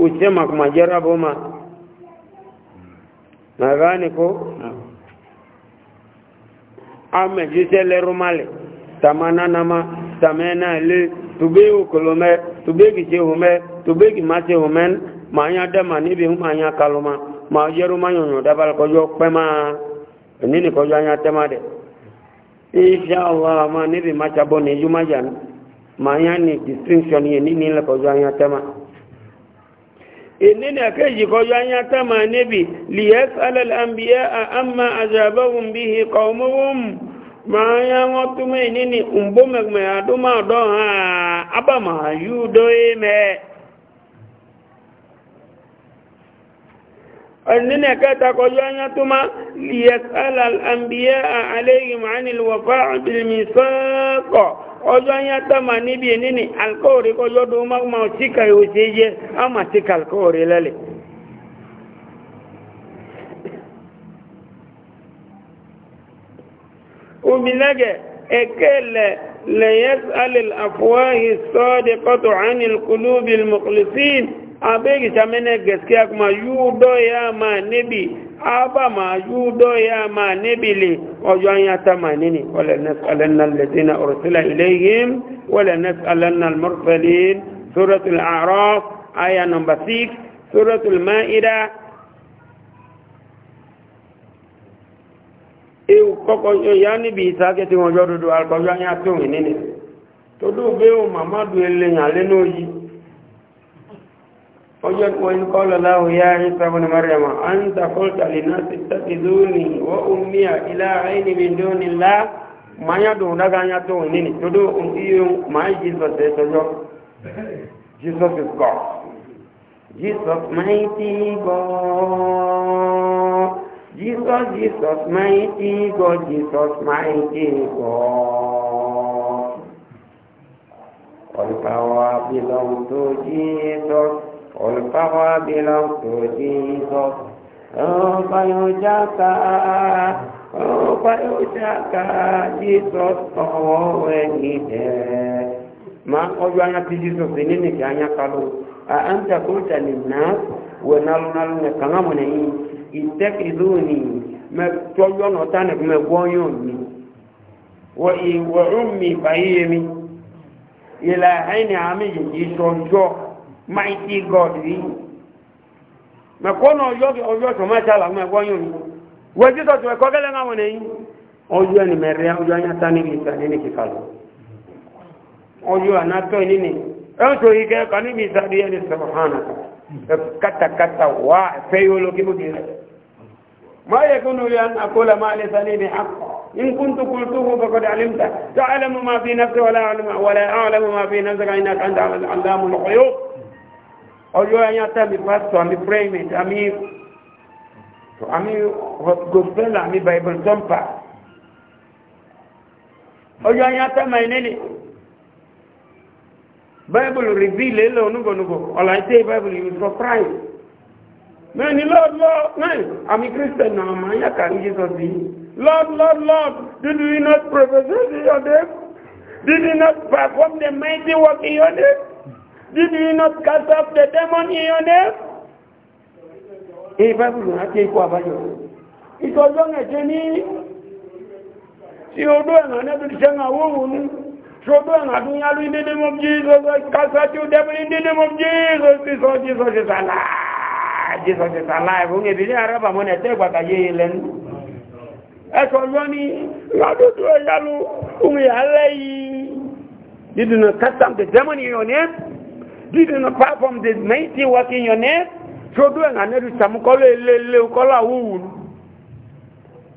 òtí makuma jẹ́ra bọ́ ma magani ko amẹ̀jú sẹ́lẹ̀ rúmalẹ̀ tamananama tamẹ́nà lé tùgbé òkòlò mẹ́ tùgbé kìí mẹ́ tùgbé kìí má se mẹ́ ma anya dama níbi ma anya kaluma ma jẹ́ rúma yọ̀nyọ̀ dábàlẹ̀ kọjọ́ pẹ́ máa enene kọjọ́ anya tẹ́ma dẹ̀ inshallah ma níbi ma sabọ́ ní jùmọ̀ jànú mayani distinction yẹn ní nílẹ̀ kọjú ayá tẹ́mà ni kéjì kọjú ayá tẹ́mà níbi liyes alal'ambiya a amma azabahun bihi kọmuhun ma ya wọ́n túnmọ̀ ìnínì ń bó mẹ́gbẹ̀mẹ̀ àdúmọ̀ dọ́ أننا كاتك جانتما ليسأل الأنبياء عليهم عن الوفاء بالميثاق ọjọ́ yẹn tọ́mà níbi nínú alkọ́ọ̀rẹ́ kọjọ́ tó máa ma síkà ìwò tí yẹ a máa síkà alkọ́ọ̀rẹ́ lẹ́lẹ̀ òmìnàgẹ̀ ẹ̀kẹ́lẹ̀ lẹ́yẹ́sàlẹ̀ àfọwáhì sọ́ọ́dẹ̀kọ́tọ̀ ánìlkùlúbìl mọ̀kùlùsíìn abegi chamene gaskiya kuma yudo ya ma nabi aba ma yudo ya ma nabi le ojo anya ta ma nini wala nas'alanna alladhina ursila ilayhim wala nas'alanna al-mursalin suratul a'raf aya number 6 suratul maida ewu kọ́kọ́ ya níbi ìsákẹ́ tí wọ́n jọ́ dúdú alkọ́jọ́ yá tó wì nínú tó dúdú bí o màmá dùn eléyàn lénú ọjọ́ wọn kọ́ lọ́láwọ̀ yá ìsàbọn mariama an takọ́ta lina tàbí zóní wọ́ omiya ilá aini mi dóní lá ma yá dùn dága yá tó wọ́n nínú tó dó iyo ma yí jesus ẹ e sọjọ́ jesus is god jesus mighty god jesus jesus mighty god jesus mighty god all power belong to jesus والطغى بالخروج فوق يجاكا فوق يجاكا جيسوس ما أجوا أنا في جيسوس إنني كأني قالوا أأنت قلت للناس ونالو نالو نكامون اتخذوني ما تجوا نتانك ما بويوني وإي وأمي فهيمي إلى حين عمي جيسوس mighty God yìí mẹ̀kọ́nà ọjọ́ tó máa ṣàlà fún ẹ̀kọ́ yìí wọ́n jí sọ̀tún ẹ̀kọ́ gẹ́lẹ́ náà wọ̀n ẹ̀yìn ọjọ́ ẹni mẹ̀rẹ́ ọjọ́ anyátá níbi ìta nínú kíkà lọ ọjọ́ ànátọ́ nínú ẹ̀rùn tó yí kẹ́ẹ̀kọ́ níbi ìta ní ẹni sọ̀hánà kátàkátà wà ẹ̀fẹ́ yóò lọ kíkù kìí ما يكون لي أن أقول ما ليس لي بحق إن كنت قلته فقد علمت تعلم ما في نفسي ولا أعلم, ولا أعلم ما في نفسك إنك أنت علام الغيوب ọjọ́ ẹ̀yàn mi pásítọ̀ àmì prẹ́mìt àmì àmì gospel àmì bible jumpa. ọjọ́ ẹ̀yàn tẹ́mà ìnílì bible reveal èlò onúgbònúgbò ọ̀làìtẹ́ bible you surprise mẹ́ni lord lord mẹ́ni àmì christian náà máa ń yàkà jesus yìí lord lord lord did we not prophesy in your name did we not perform the mighty work in your name Did you not cast off the demon in your name? A Bible will not take over you. It was long as you need. See, you're doing another thing, a woman. So doing, I think I'll in the name of Jesus. I cast out you devil in the name of Jesus. because Jesus is alive. Jesus is alive. Only if you are a man, I take what I yell. Ẹ̀kọ́ lọ ní a ẹ̀yà ló, òun Did you not cast out the demon in your name? didn't apart from the mighty work in your name so do an aneru samu kolo elele kolo awuwu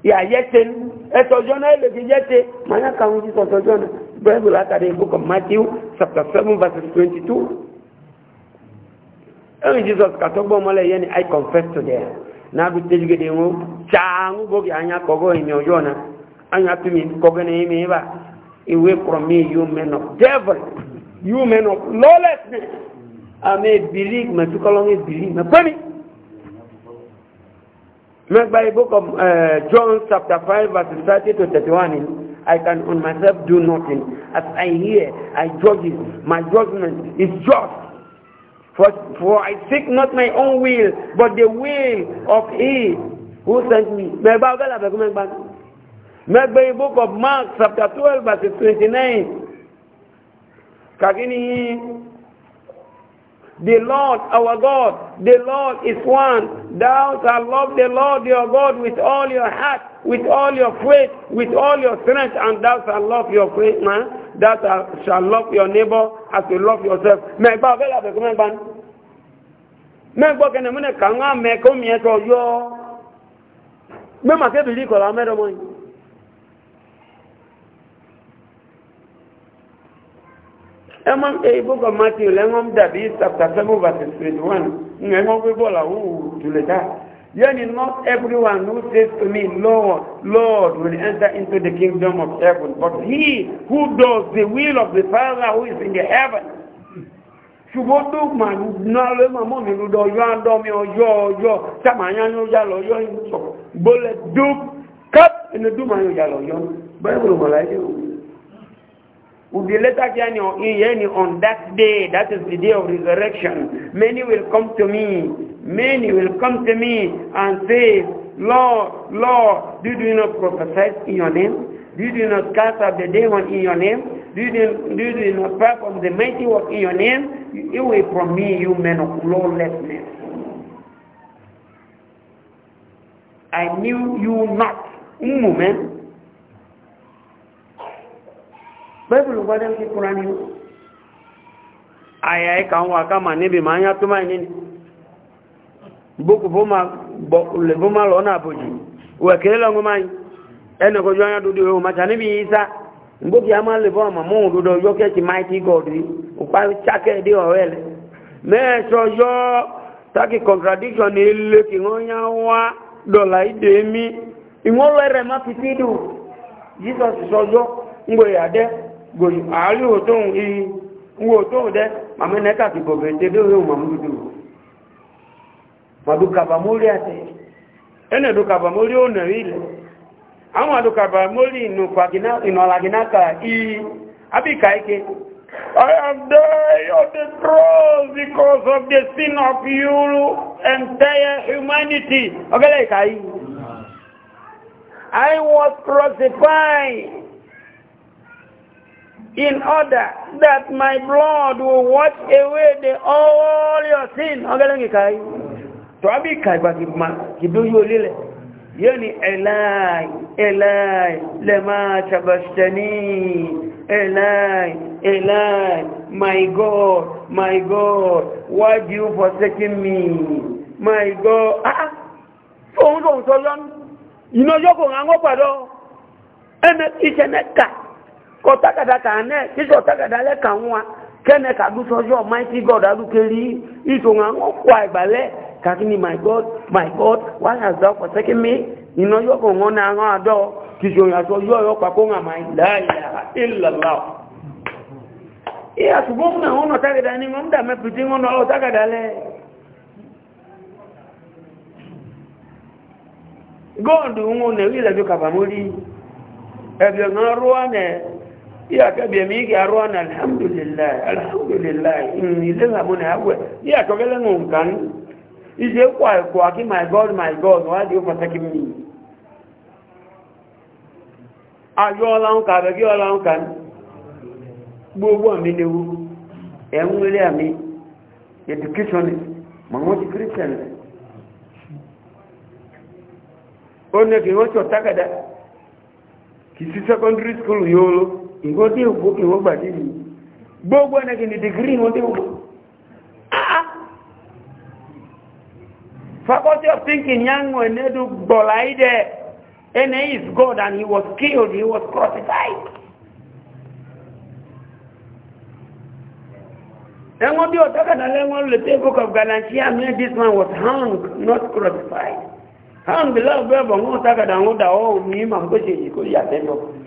ya yete etojo na ele ki yete manya kan ji tojo na bible atare book of matthew chapter 7 verse two. and oh, jesus ka to gbo mole yen i confess to them na bi tejige de wo chaangu bo ki anya kogo imi ojo na anya tumi kogo na imi ba away from me you men of devil you may not lawlessness I may believe my two colonies believe my penny. Make by the book of uh, John chapter five verse thirty to thirty-one. I can on myself do nothing. As I hear, I judge it. My judgment is just. For, for I seek not my own will, but the will of He who sent me. the book of Mark chapter twelve verse twenty-nine. Kagini, the Lord our God, the Lord is one. Thou shalt love the Lord your God with all your heart, with all your faith, with all your strength, and thou shalt love your faith, man. Thou shalt, love your neighbor as you love yourself. Mẹ́gbà ọ̀fẹ́ làbẹ̀ mẹ́gbà ní. Mẹ́gbà kẹ́nẹ̀ múnẹ̀ kàwọn àmẹ́kọ́ mi ẹ̀ tọ́ yọ. Gbé kọ̀ọ̀lá mẹ́rọ mọ́ yìí. ẹmọ ìbúkọ̀ matthew lẹ́wọ́n dàbí chapter seven verse twenty one ń ẹ̀wọ́n gbé bọ́ọ̀lù àwọn òòtúlẹ̀ dá yẹ́nì not everyone who says to me lord lord will enter into the kingdom of heaven but he who does the will of the father who is in the heaven ṣùgbọ́n tó mà náà lé màmọ́ mi ló dọ̀ ọjọ́ àdọ́mi ọjọ́ ọjọ́ sàmàyà ni yà lọ ọjọ́ ìṣọ̀ gbọ́lẹ̀ dúk káp ẹni dúmà yóò yà lọ ọjọ́ bẹ́ẹ̀ wọ́n mọ̀ láyé òun will be later any on that day, that is the day of resurrection. Many will come to me, many will come to me and say, Lord, Lord, did you not prophesy in your name? Did you not cast out the demon in your name? Did you did we not perform the mighty work in your name? It will from me, you men of lawlessness. I knew you not. Moment. bẹ́ẹ̀bùlù gbọ́dẹ̀ ń kíkúra ní àyà ẹka ń wà ma níbi ma ń yá tó máa ní bókù bó máa lọ náà bòjì wẹ̀kẹ́ lọ́gbọ́n máa ẹnìkọjọ́ yá dúdú ewu màtà níbi gbókì àmà lè dúdú ọjọ́ kẹ́kì chákẹ́ dé ọ̀rẹ́ yọ tákì contradiction yá wá dọ̀là ìdè mí ìwọ́n lọ́rẹ̀ má fi fídù jesus sọ́jọ́ ń gbòyà dẹ́ gbòyì àárí òtóhùn yìí wo òtóhùn dẹ́ màmí nẹ́kà ti bọ̀bẹ̀ tẹ́ lórí òun màmú dúdú màdùkàbà mórí I am dying on the cross because of the sin of entire humanity. Ọgẹ́lẹ̀ ìkà i. I was crucified in order that my blood will wash away the all your sin ọgẹ́lẹ́gì káyí tó á bí kàìgbà kìbìmá kìbí yóò lílẹ̀ yóò ní ẹ̀láì ẹ̀láì lẹ máa ṣàbàṣẹ̀ní ẹ̀láì ẹ̀láì my god my god why do you forsake me my god ah, ah. fóun tó ń sọ lọ́nà ìnáyọ́kùnrin àwọn pàdọ́ ẹ̀mẹ́ ìṣẹ̀mẹ́ta kọtakada ka ne títí ọtakada lẹ kàn wá kẹne kadu mighty god alukeli ìtòǹgà àgbàlẹ kakini my god my god why has thou forsaken me iná yọ kò wọn náà hàn àdọ títí òyìn pàkó hàn máa ilà ìlàlá fún àwọn iya ka bi mi ga ruwa na alhamdulillah alhamdulillah in ile na bu na awe iya ka gele ngun kan ije kwa kwa ki my god my god wa di ko taki mi ayo la un ka be ki ola un kan gbogbo mi ni wu e nwele ami education mo mo ti christian o ne ki wo cho takada ki si secondary school yolo ìwọ dé ògbó ìwọ gbàdé mi gbogbo ẹnẹgì ní dìgírì ìwọ dé ògbó faculty of thinking yango enedu gbọlaide ene is god and he was killed he was crucified ẹ̀wọ̀n bí ọ̀tọ́kàtà lẹ́wọ̀n lè tẹ́ book of galantia mean this man was hung not crucified hung lọ́gbẹ́bọ̀ ń tọ́kàtà ń dà ọ́ òmìnira kó ṣe yìí kó yàtẹ́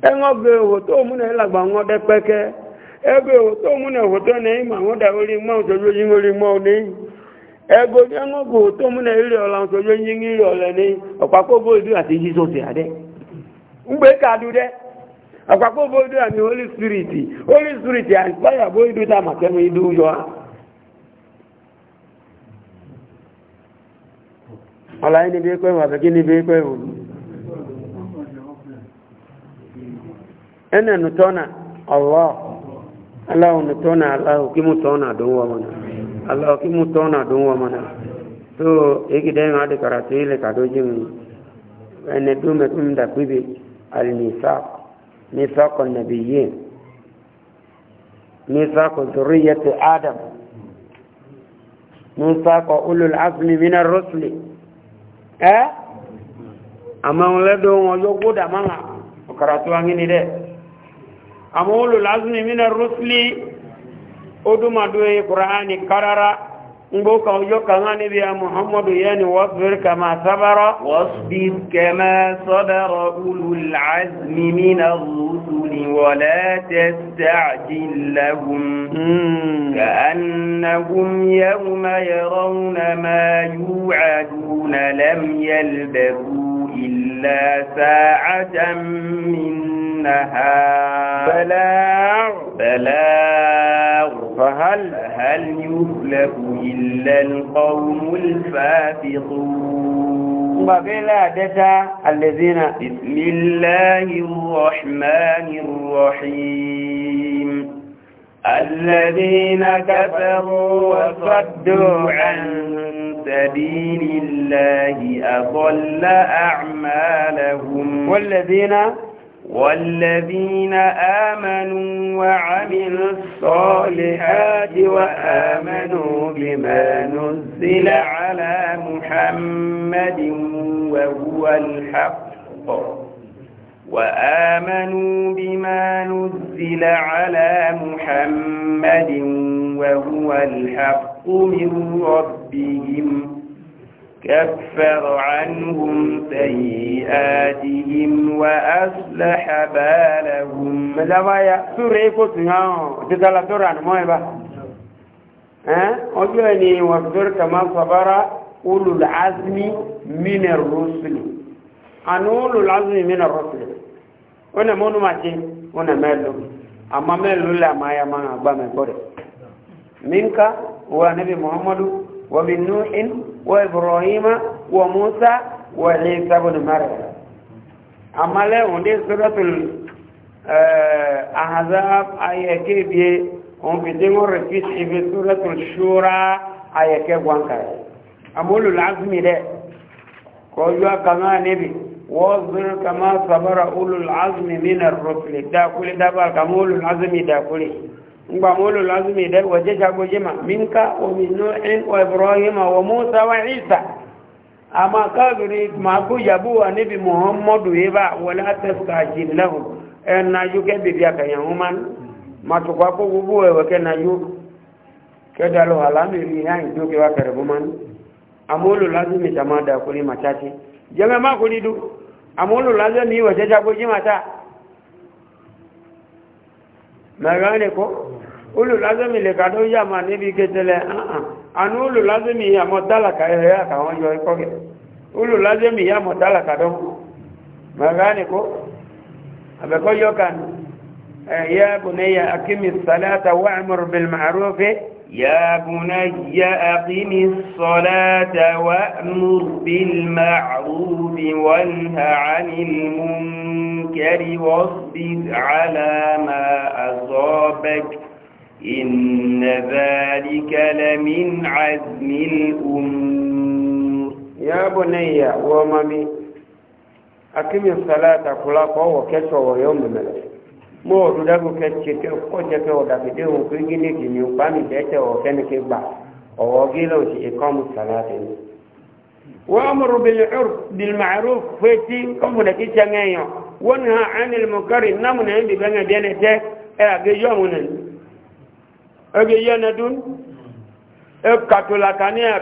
eṅoge ohoto omune elagba ŋode kpeke ebe ohoto omune ohoto nei ma ŋoda oli ŋma ŋsojoji ŋoli ŋma nei ego ni eŋoge ohoto omune ili ọla ŋsojoji ŋili ọla nei ọkpakọ obodu ati jizọs ade mgbe ka du de ọkpakọ obodu ami holy holy maka eme idu ụjọ ha ọla ni bi ene nutona allah allah nutona allah kimutona don wa mana allah kimutona don wa mana to ikide ma de karatu ile kado jin ene dume tum da bibi al misaq misaq an nabiyyin misaq zurriyyati adam misaq ulul azmi min ar-rusuli eh amawle do yo goda manga karatu angini de àmọ́ olùlázùmí mínà rúsùlì odúmọ̀dó ìkùránì kárára ngbó kan yóò kan á níbi muhammadu yẹni wọ́sbìr kama sábàrọ̀ wọ́sbìr kama sọ́dọ̀rọ̀ olùlázùmí mínà rúsùlì wọlé tẹ́sítàjìláhùn كأنهم يوم يرون ما يوعدون لم يلبثوا إلا ساعة من نهار بلاغ بلاغ فهل هل يهلك إلا القوم الفاسقون وبلا دتا الذين بسم الله الرحمن الرحيم الذين كفروا وصدوا عن سبيل الله أضل أعمالهم والذين والذين آمنوا وعملوا الصالحات وآمنوا بما نزل على محمد وهو الحق وآمنوا أنزل على محمد وهو الحق من ربهم كفر عنهم سيئاتهم وأصلح بالهم لما يأسر إيكوت نعم تتلا سورة نموي با ها أجواني وابدر كما صبر أولو العزم من الرسل أن أولو العزم من الرسل أنا مونو ماشي una melo ama melo la maya ma ba me bore minka wa nabi muhammadu wa min nuhin wa ibrahima wa musa wa isa ibn maryam ama le onde suratul eh, ahzab ayake bi on bi dengo refis ibe suratul shura ayake gwanka amulul azmi de ko yo kana nabi واصبر كما صبر أولو العزم من الرسل دا كل دا بار كما أولو العزم دا كل نبا أولو العزم دا وجيش أبو جمع منك ومن نوح وإبراهيم وموسى وعيسى أما كاغري ما كو يبو نبي محمد يبا ولا تستعجل لهم أن نجوك ببيا كيهما ما تقوى بوه وكنا يوك كذا لو هلامي ريان يوك وكربمان أمولو لازم يتمادى كل ما تاتي جمع ما كل دو àmúlò lásán ní ìwẹ̀ jẹ́já gbójí màtá mẹ́rin ẹ̀kọ́ olùlázẹ́mì lè kàdó yà máa níbi kẹtẹlẹ̀ àánú olùlázẹ́mì yà mọ́ tálàkà ẹ̀rẹ́ àkàwọn yọ ikọ́ rẹ̀ olùlázẹ́mì yà mọ́ tálàkà dọ́ mẹ́rin ẹ̀kọ́ àbẹ̀kọ́ yọ kan ẹ̀yẹ́ bùnẹ́yà akími sàlẹ́ àtàwọ̀ àmọ̀rọ̀ يا بني أقم الصلاة وأمر بالمعروف وانه عن المنكر واصبر على ما أصابك إن ذلك لمن عزم الأمور يا بني ومامي أقم الصلاة فلاقوا وكسوا ويوم ملك mo do dago ke cheke ko cheke o dabi de o kiri ne ki ni pa mi de o ken ke ba o gi lo si ko mu salate ni wa amru bil urf bil ma'ruf fati ko mu de ki changen yo wanha anil munkar nam ne bi banga de ne te e age yo mu ne age yo na dun e katola kani e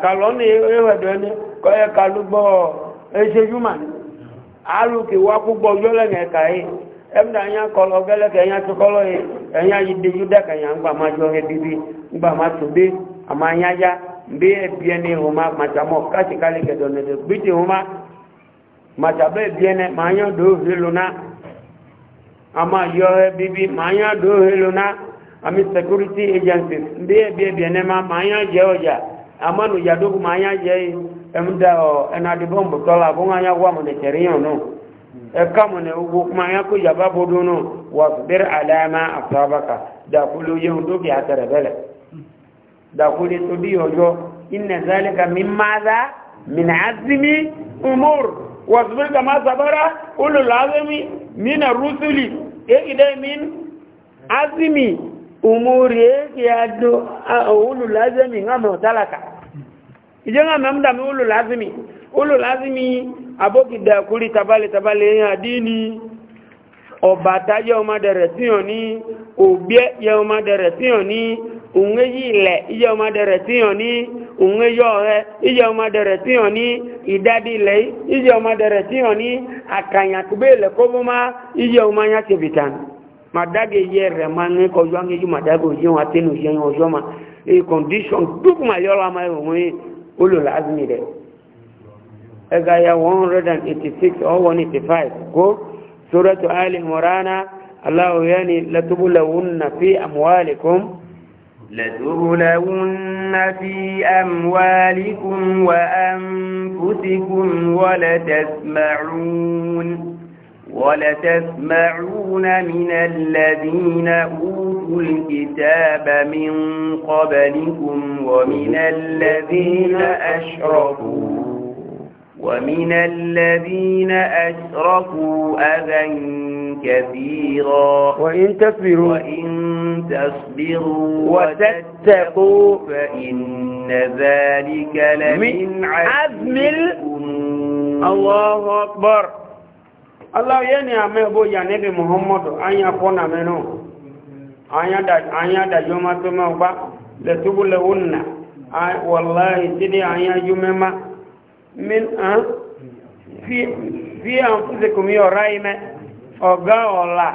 kaloni e wedo ni ko e kalugbo e sejuma ni alu ki wa ku gbo yo le kai emda anya kọlọ gẹ́lẹ́ ka ẹ̀yà tukọlọ yìí ẹ̀yà ka máa jọ máa àmà anya ya mbé ẹbí ẹni ìhùmá màtàmọ́ káṣí kálí gẹ̀dọ̀ nẹ̀dẹ̀ gbìtì ìhùmá màtàbẹ́ ẹbí ẹni màá yàn dó òhè àmà yọ ẹbíbí màá yàn dó òhè àmì security agencies mbé ẹbí ẹbí ẹni màá yàn ọjà àmà màá yàn ọ fún àyàwó ẹ̀kàmù ní ogbó kuma ya kó yàbá bodò náà wà bẹ́r àdáyàmá àfàbàkà dàkúlò yẹun tó kì àtẹ̀rẹ̀ bẹ́lẹ̀ dàkúlò tó bí ọjọ́ iná zálẹ́ka mi máa dá mìnà azimi umar wà bẹ́r kà máa sàbára olùlàzẹ́mi mìnà rúsùlì èkìdẹ́ mi azimi umar èkì àdó olùlàzẹ́mi ń gàmọ̀ tálàkà ìjẹ́ ń gàmọ̀ ń dàmí olùlàzẹ́mi olùlàzẹ́mi abókìdá kúrí tabalẹ̀tabalẹ̀ yẹn àdínì ọ̀bàtá yẹ ọmọ dẹ̀rẹ̀ tíyàn ní ògbẹ́ yẹ ọmọ dẹ̀rẹ̀ tíyàn ní òun èyí ilẹ̀ iye ọmọ dẹ̀rẹ̀ tíyàn ní òun èyí ọ̀rẹ́ iye ọmọ dẹ̀rẹ̀ tíyàn ní ìdádì ilẹ̀ iye ọmọ dẹ̀rẹ̀ tíyàn ní àkànyà kúbẹ̀ ilẹ̀ kó yẹ rẹ̀ ẹgaya 186 or 185 ko suratu ali imran allahu yani latubulawunna fi amwalikum لتبلون في أموالكم وأنفسكم ولتسمعون ولتسمعون من الذين أوتوا الكتاب من قبلكم ومن الذين أشركوا ومن الذين أشركوا أذى كثيرا وإن تصبروا وإن تصبروا وتتقوا فإن ذلك لمن عزم الله أكبر الله يعني أمي أبو يعني محمد أن يكون منه أن يدى يوم ثم أبا لتبلغن والله سيدي أن يجمع min an fi fi anfusikum yọra yi mẹ ọ̀gá ọ̀la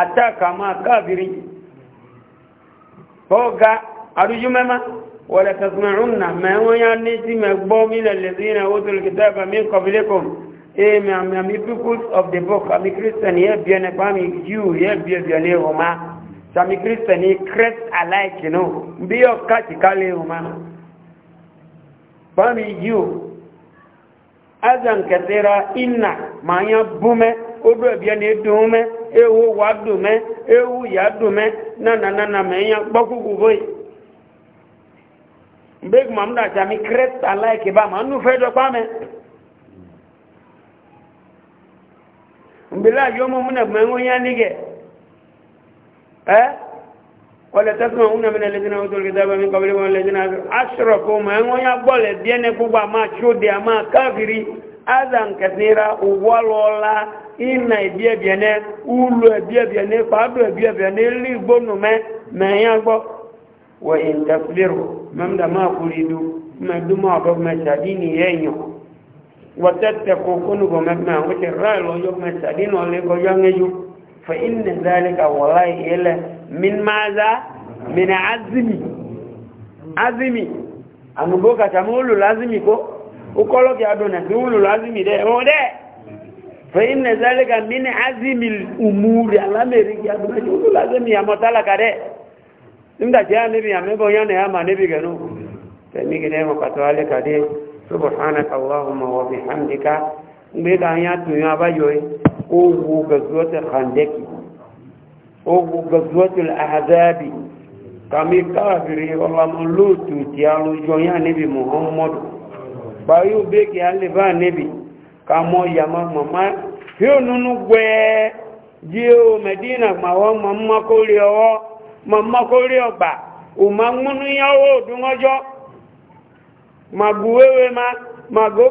àtàkàmọ́ káàbìrì ọ̀gá àdújú mẹ́má wọ̀lẹ̀ tẹ̀sùmẹ̀rún nà mẹ́wọ́n yá ní tí mẹ́ gbọ́ mílẹ̀ lẹ́sìnà ó tó lùkìtà ẹ̀bà mi kọ̀bílẹ́kùn èmi àmì àmì peoples of the book àmì christian yẹ́ bí ẹni pa mi jew yẹ́ bí ẹbí ẹni ọmọ sàmì christian yìí alike nù bí ọ̀ká tìkálẹ̀ ọmọ mi azan ma ina maa ya bumẹ odo ẹbíẹ ni edumẹ ewu wa dumẹ ewu ya dumẹ nananana mẹ ya gbọkuku boye mbẹ mamu da jami kret alaiki ba ma nu fẹ dọkpa mẹ mbẹlẹ ayọmọ mu na gbẹngu ya nige ẹ. Eh? wala tasma'una min alladhina utul kitaba min qablikum alladhina ashraku ma ngonya bole diene kubwa machudi ama kafiri adhan kathira walola ina ibie biene ulu ibie biene fadu ibie biene li bonu me me yango wa in tasbiru mamda ma kulidu maduma odo me sadini yenyo wa tattaqu kunu bo mamma wa tiralo yo me sadini ole go yangeju fa inna dhalika wallahi ila mìnà azimi azimi àgbogbo kàtàmù olù lázimi kó ó kọ́lọ́kì adùnà sí olù lázimi dẹ́ wọ́n dẹ́ fẹ́yìn nà zálẹ́gà mìnà azimi umuri alámẹ́rìkì adùnà sí olù lázimi àmọ́tálàkà dẹ́ nígbàtí a níbi àmẹ́bọ̀ yánà ya mà níbi gẹ̀nú tẹ̀mí gẹ̀dẹ́ mọ̀ pàtó alẹ́kà dé subhanaka allahumma wa bihamdika ngbẹ́ka ya tuyọ́ abájọ́ ó wo gẹ̀gúrọ́tẹ̀ kàndẹ́kì ó wo gẹ̀gúrọ́tẹ̀ àházábì kàmí káàkiri ọlọ́mọ lóòtù tí a ló jọyán níbi muhammadu báyú lè alẹ́bá níbi kàmọ yàmá màmá tí ó nínú gbẹ́ẹ́ jí o mẹ́dínà màwọ́ màmá kó rí ọwọ́ màmá kó rí ọgbà ò má múnú òdúnwọ́jọ́ má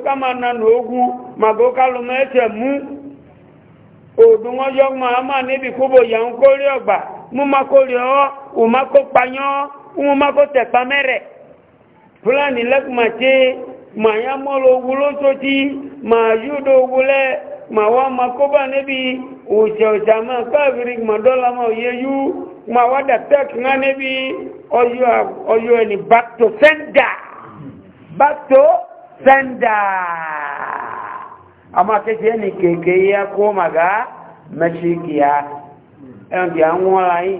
ká má ogun ká mú òdúnwọ́jọ́ níbi kúbò yàn kó rí ọgbà mú má kó rí ọwọ́ umako kpanyo umako tepa mere fulani lakuma te maya molo wulo soti ma yudo wule ma wa makoba nebi uche uchama kafiri madola ma yeyu ma wada tek nga nebi oyu oyu ni back to sender back to sender ama keke ni keke ya ko maga mashikiya en bi anwala yi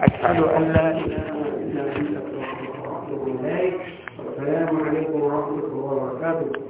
أشهد أن لا إله إلا أنت السلام عليكم ورحمة الله وبركاته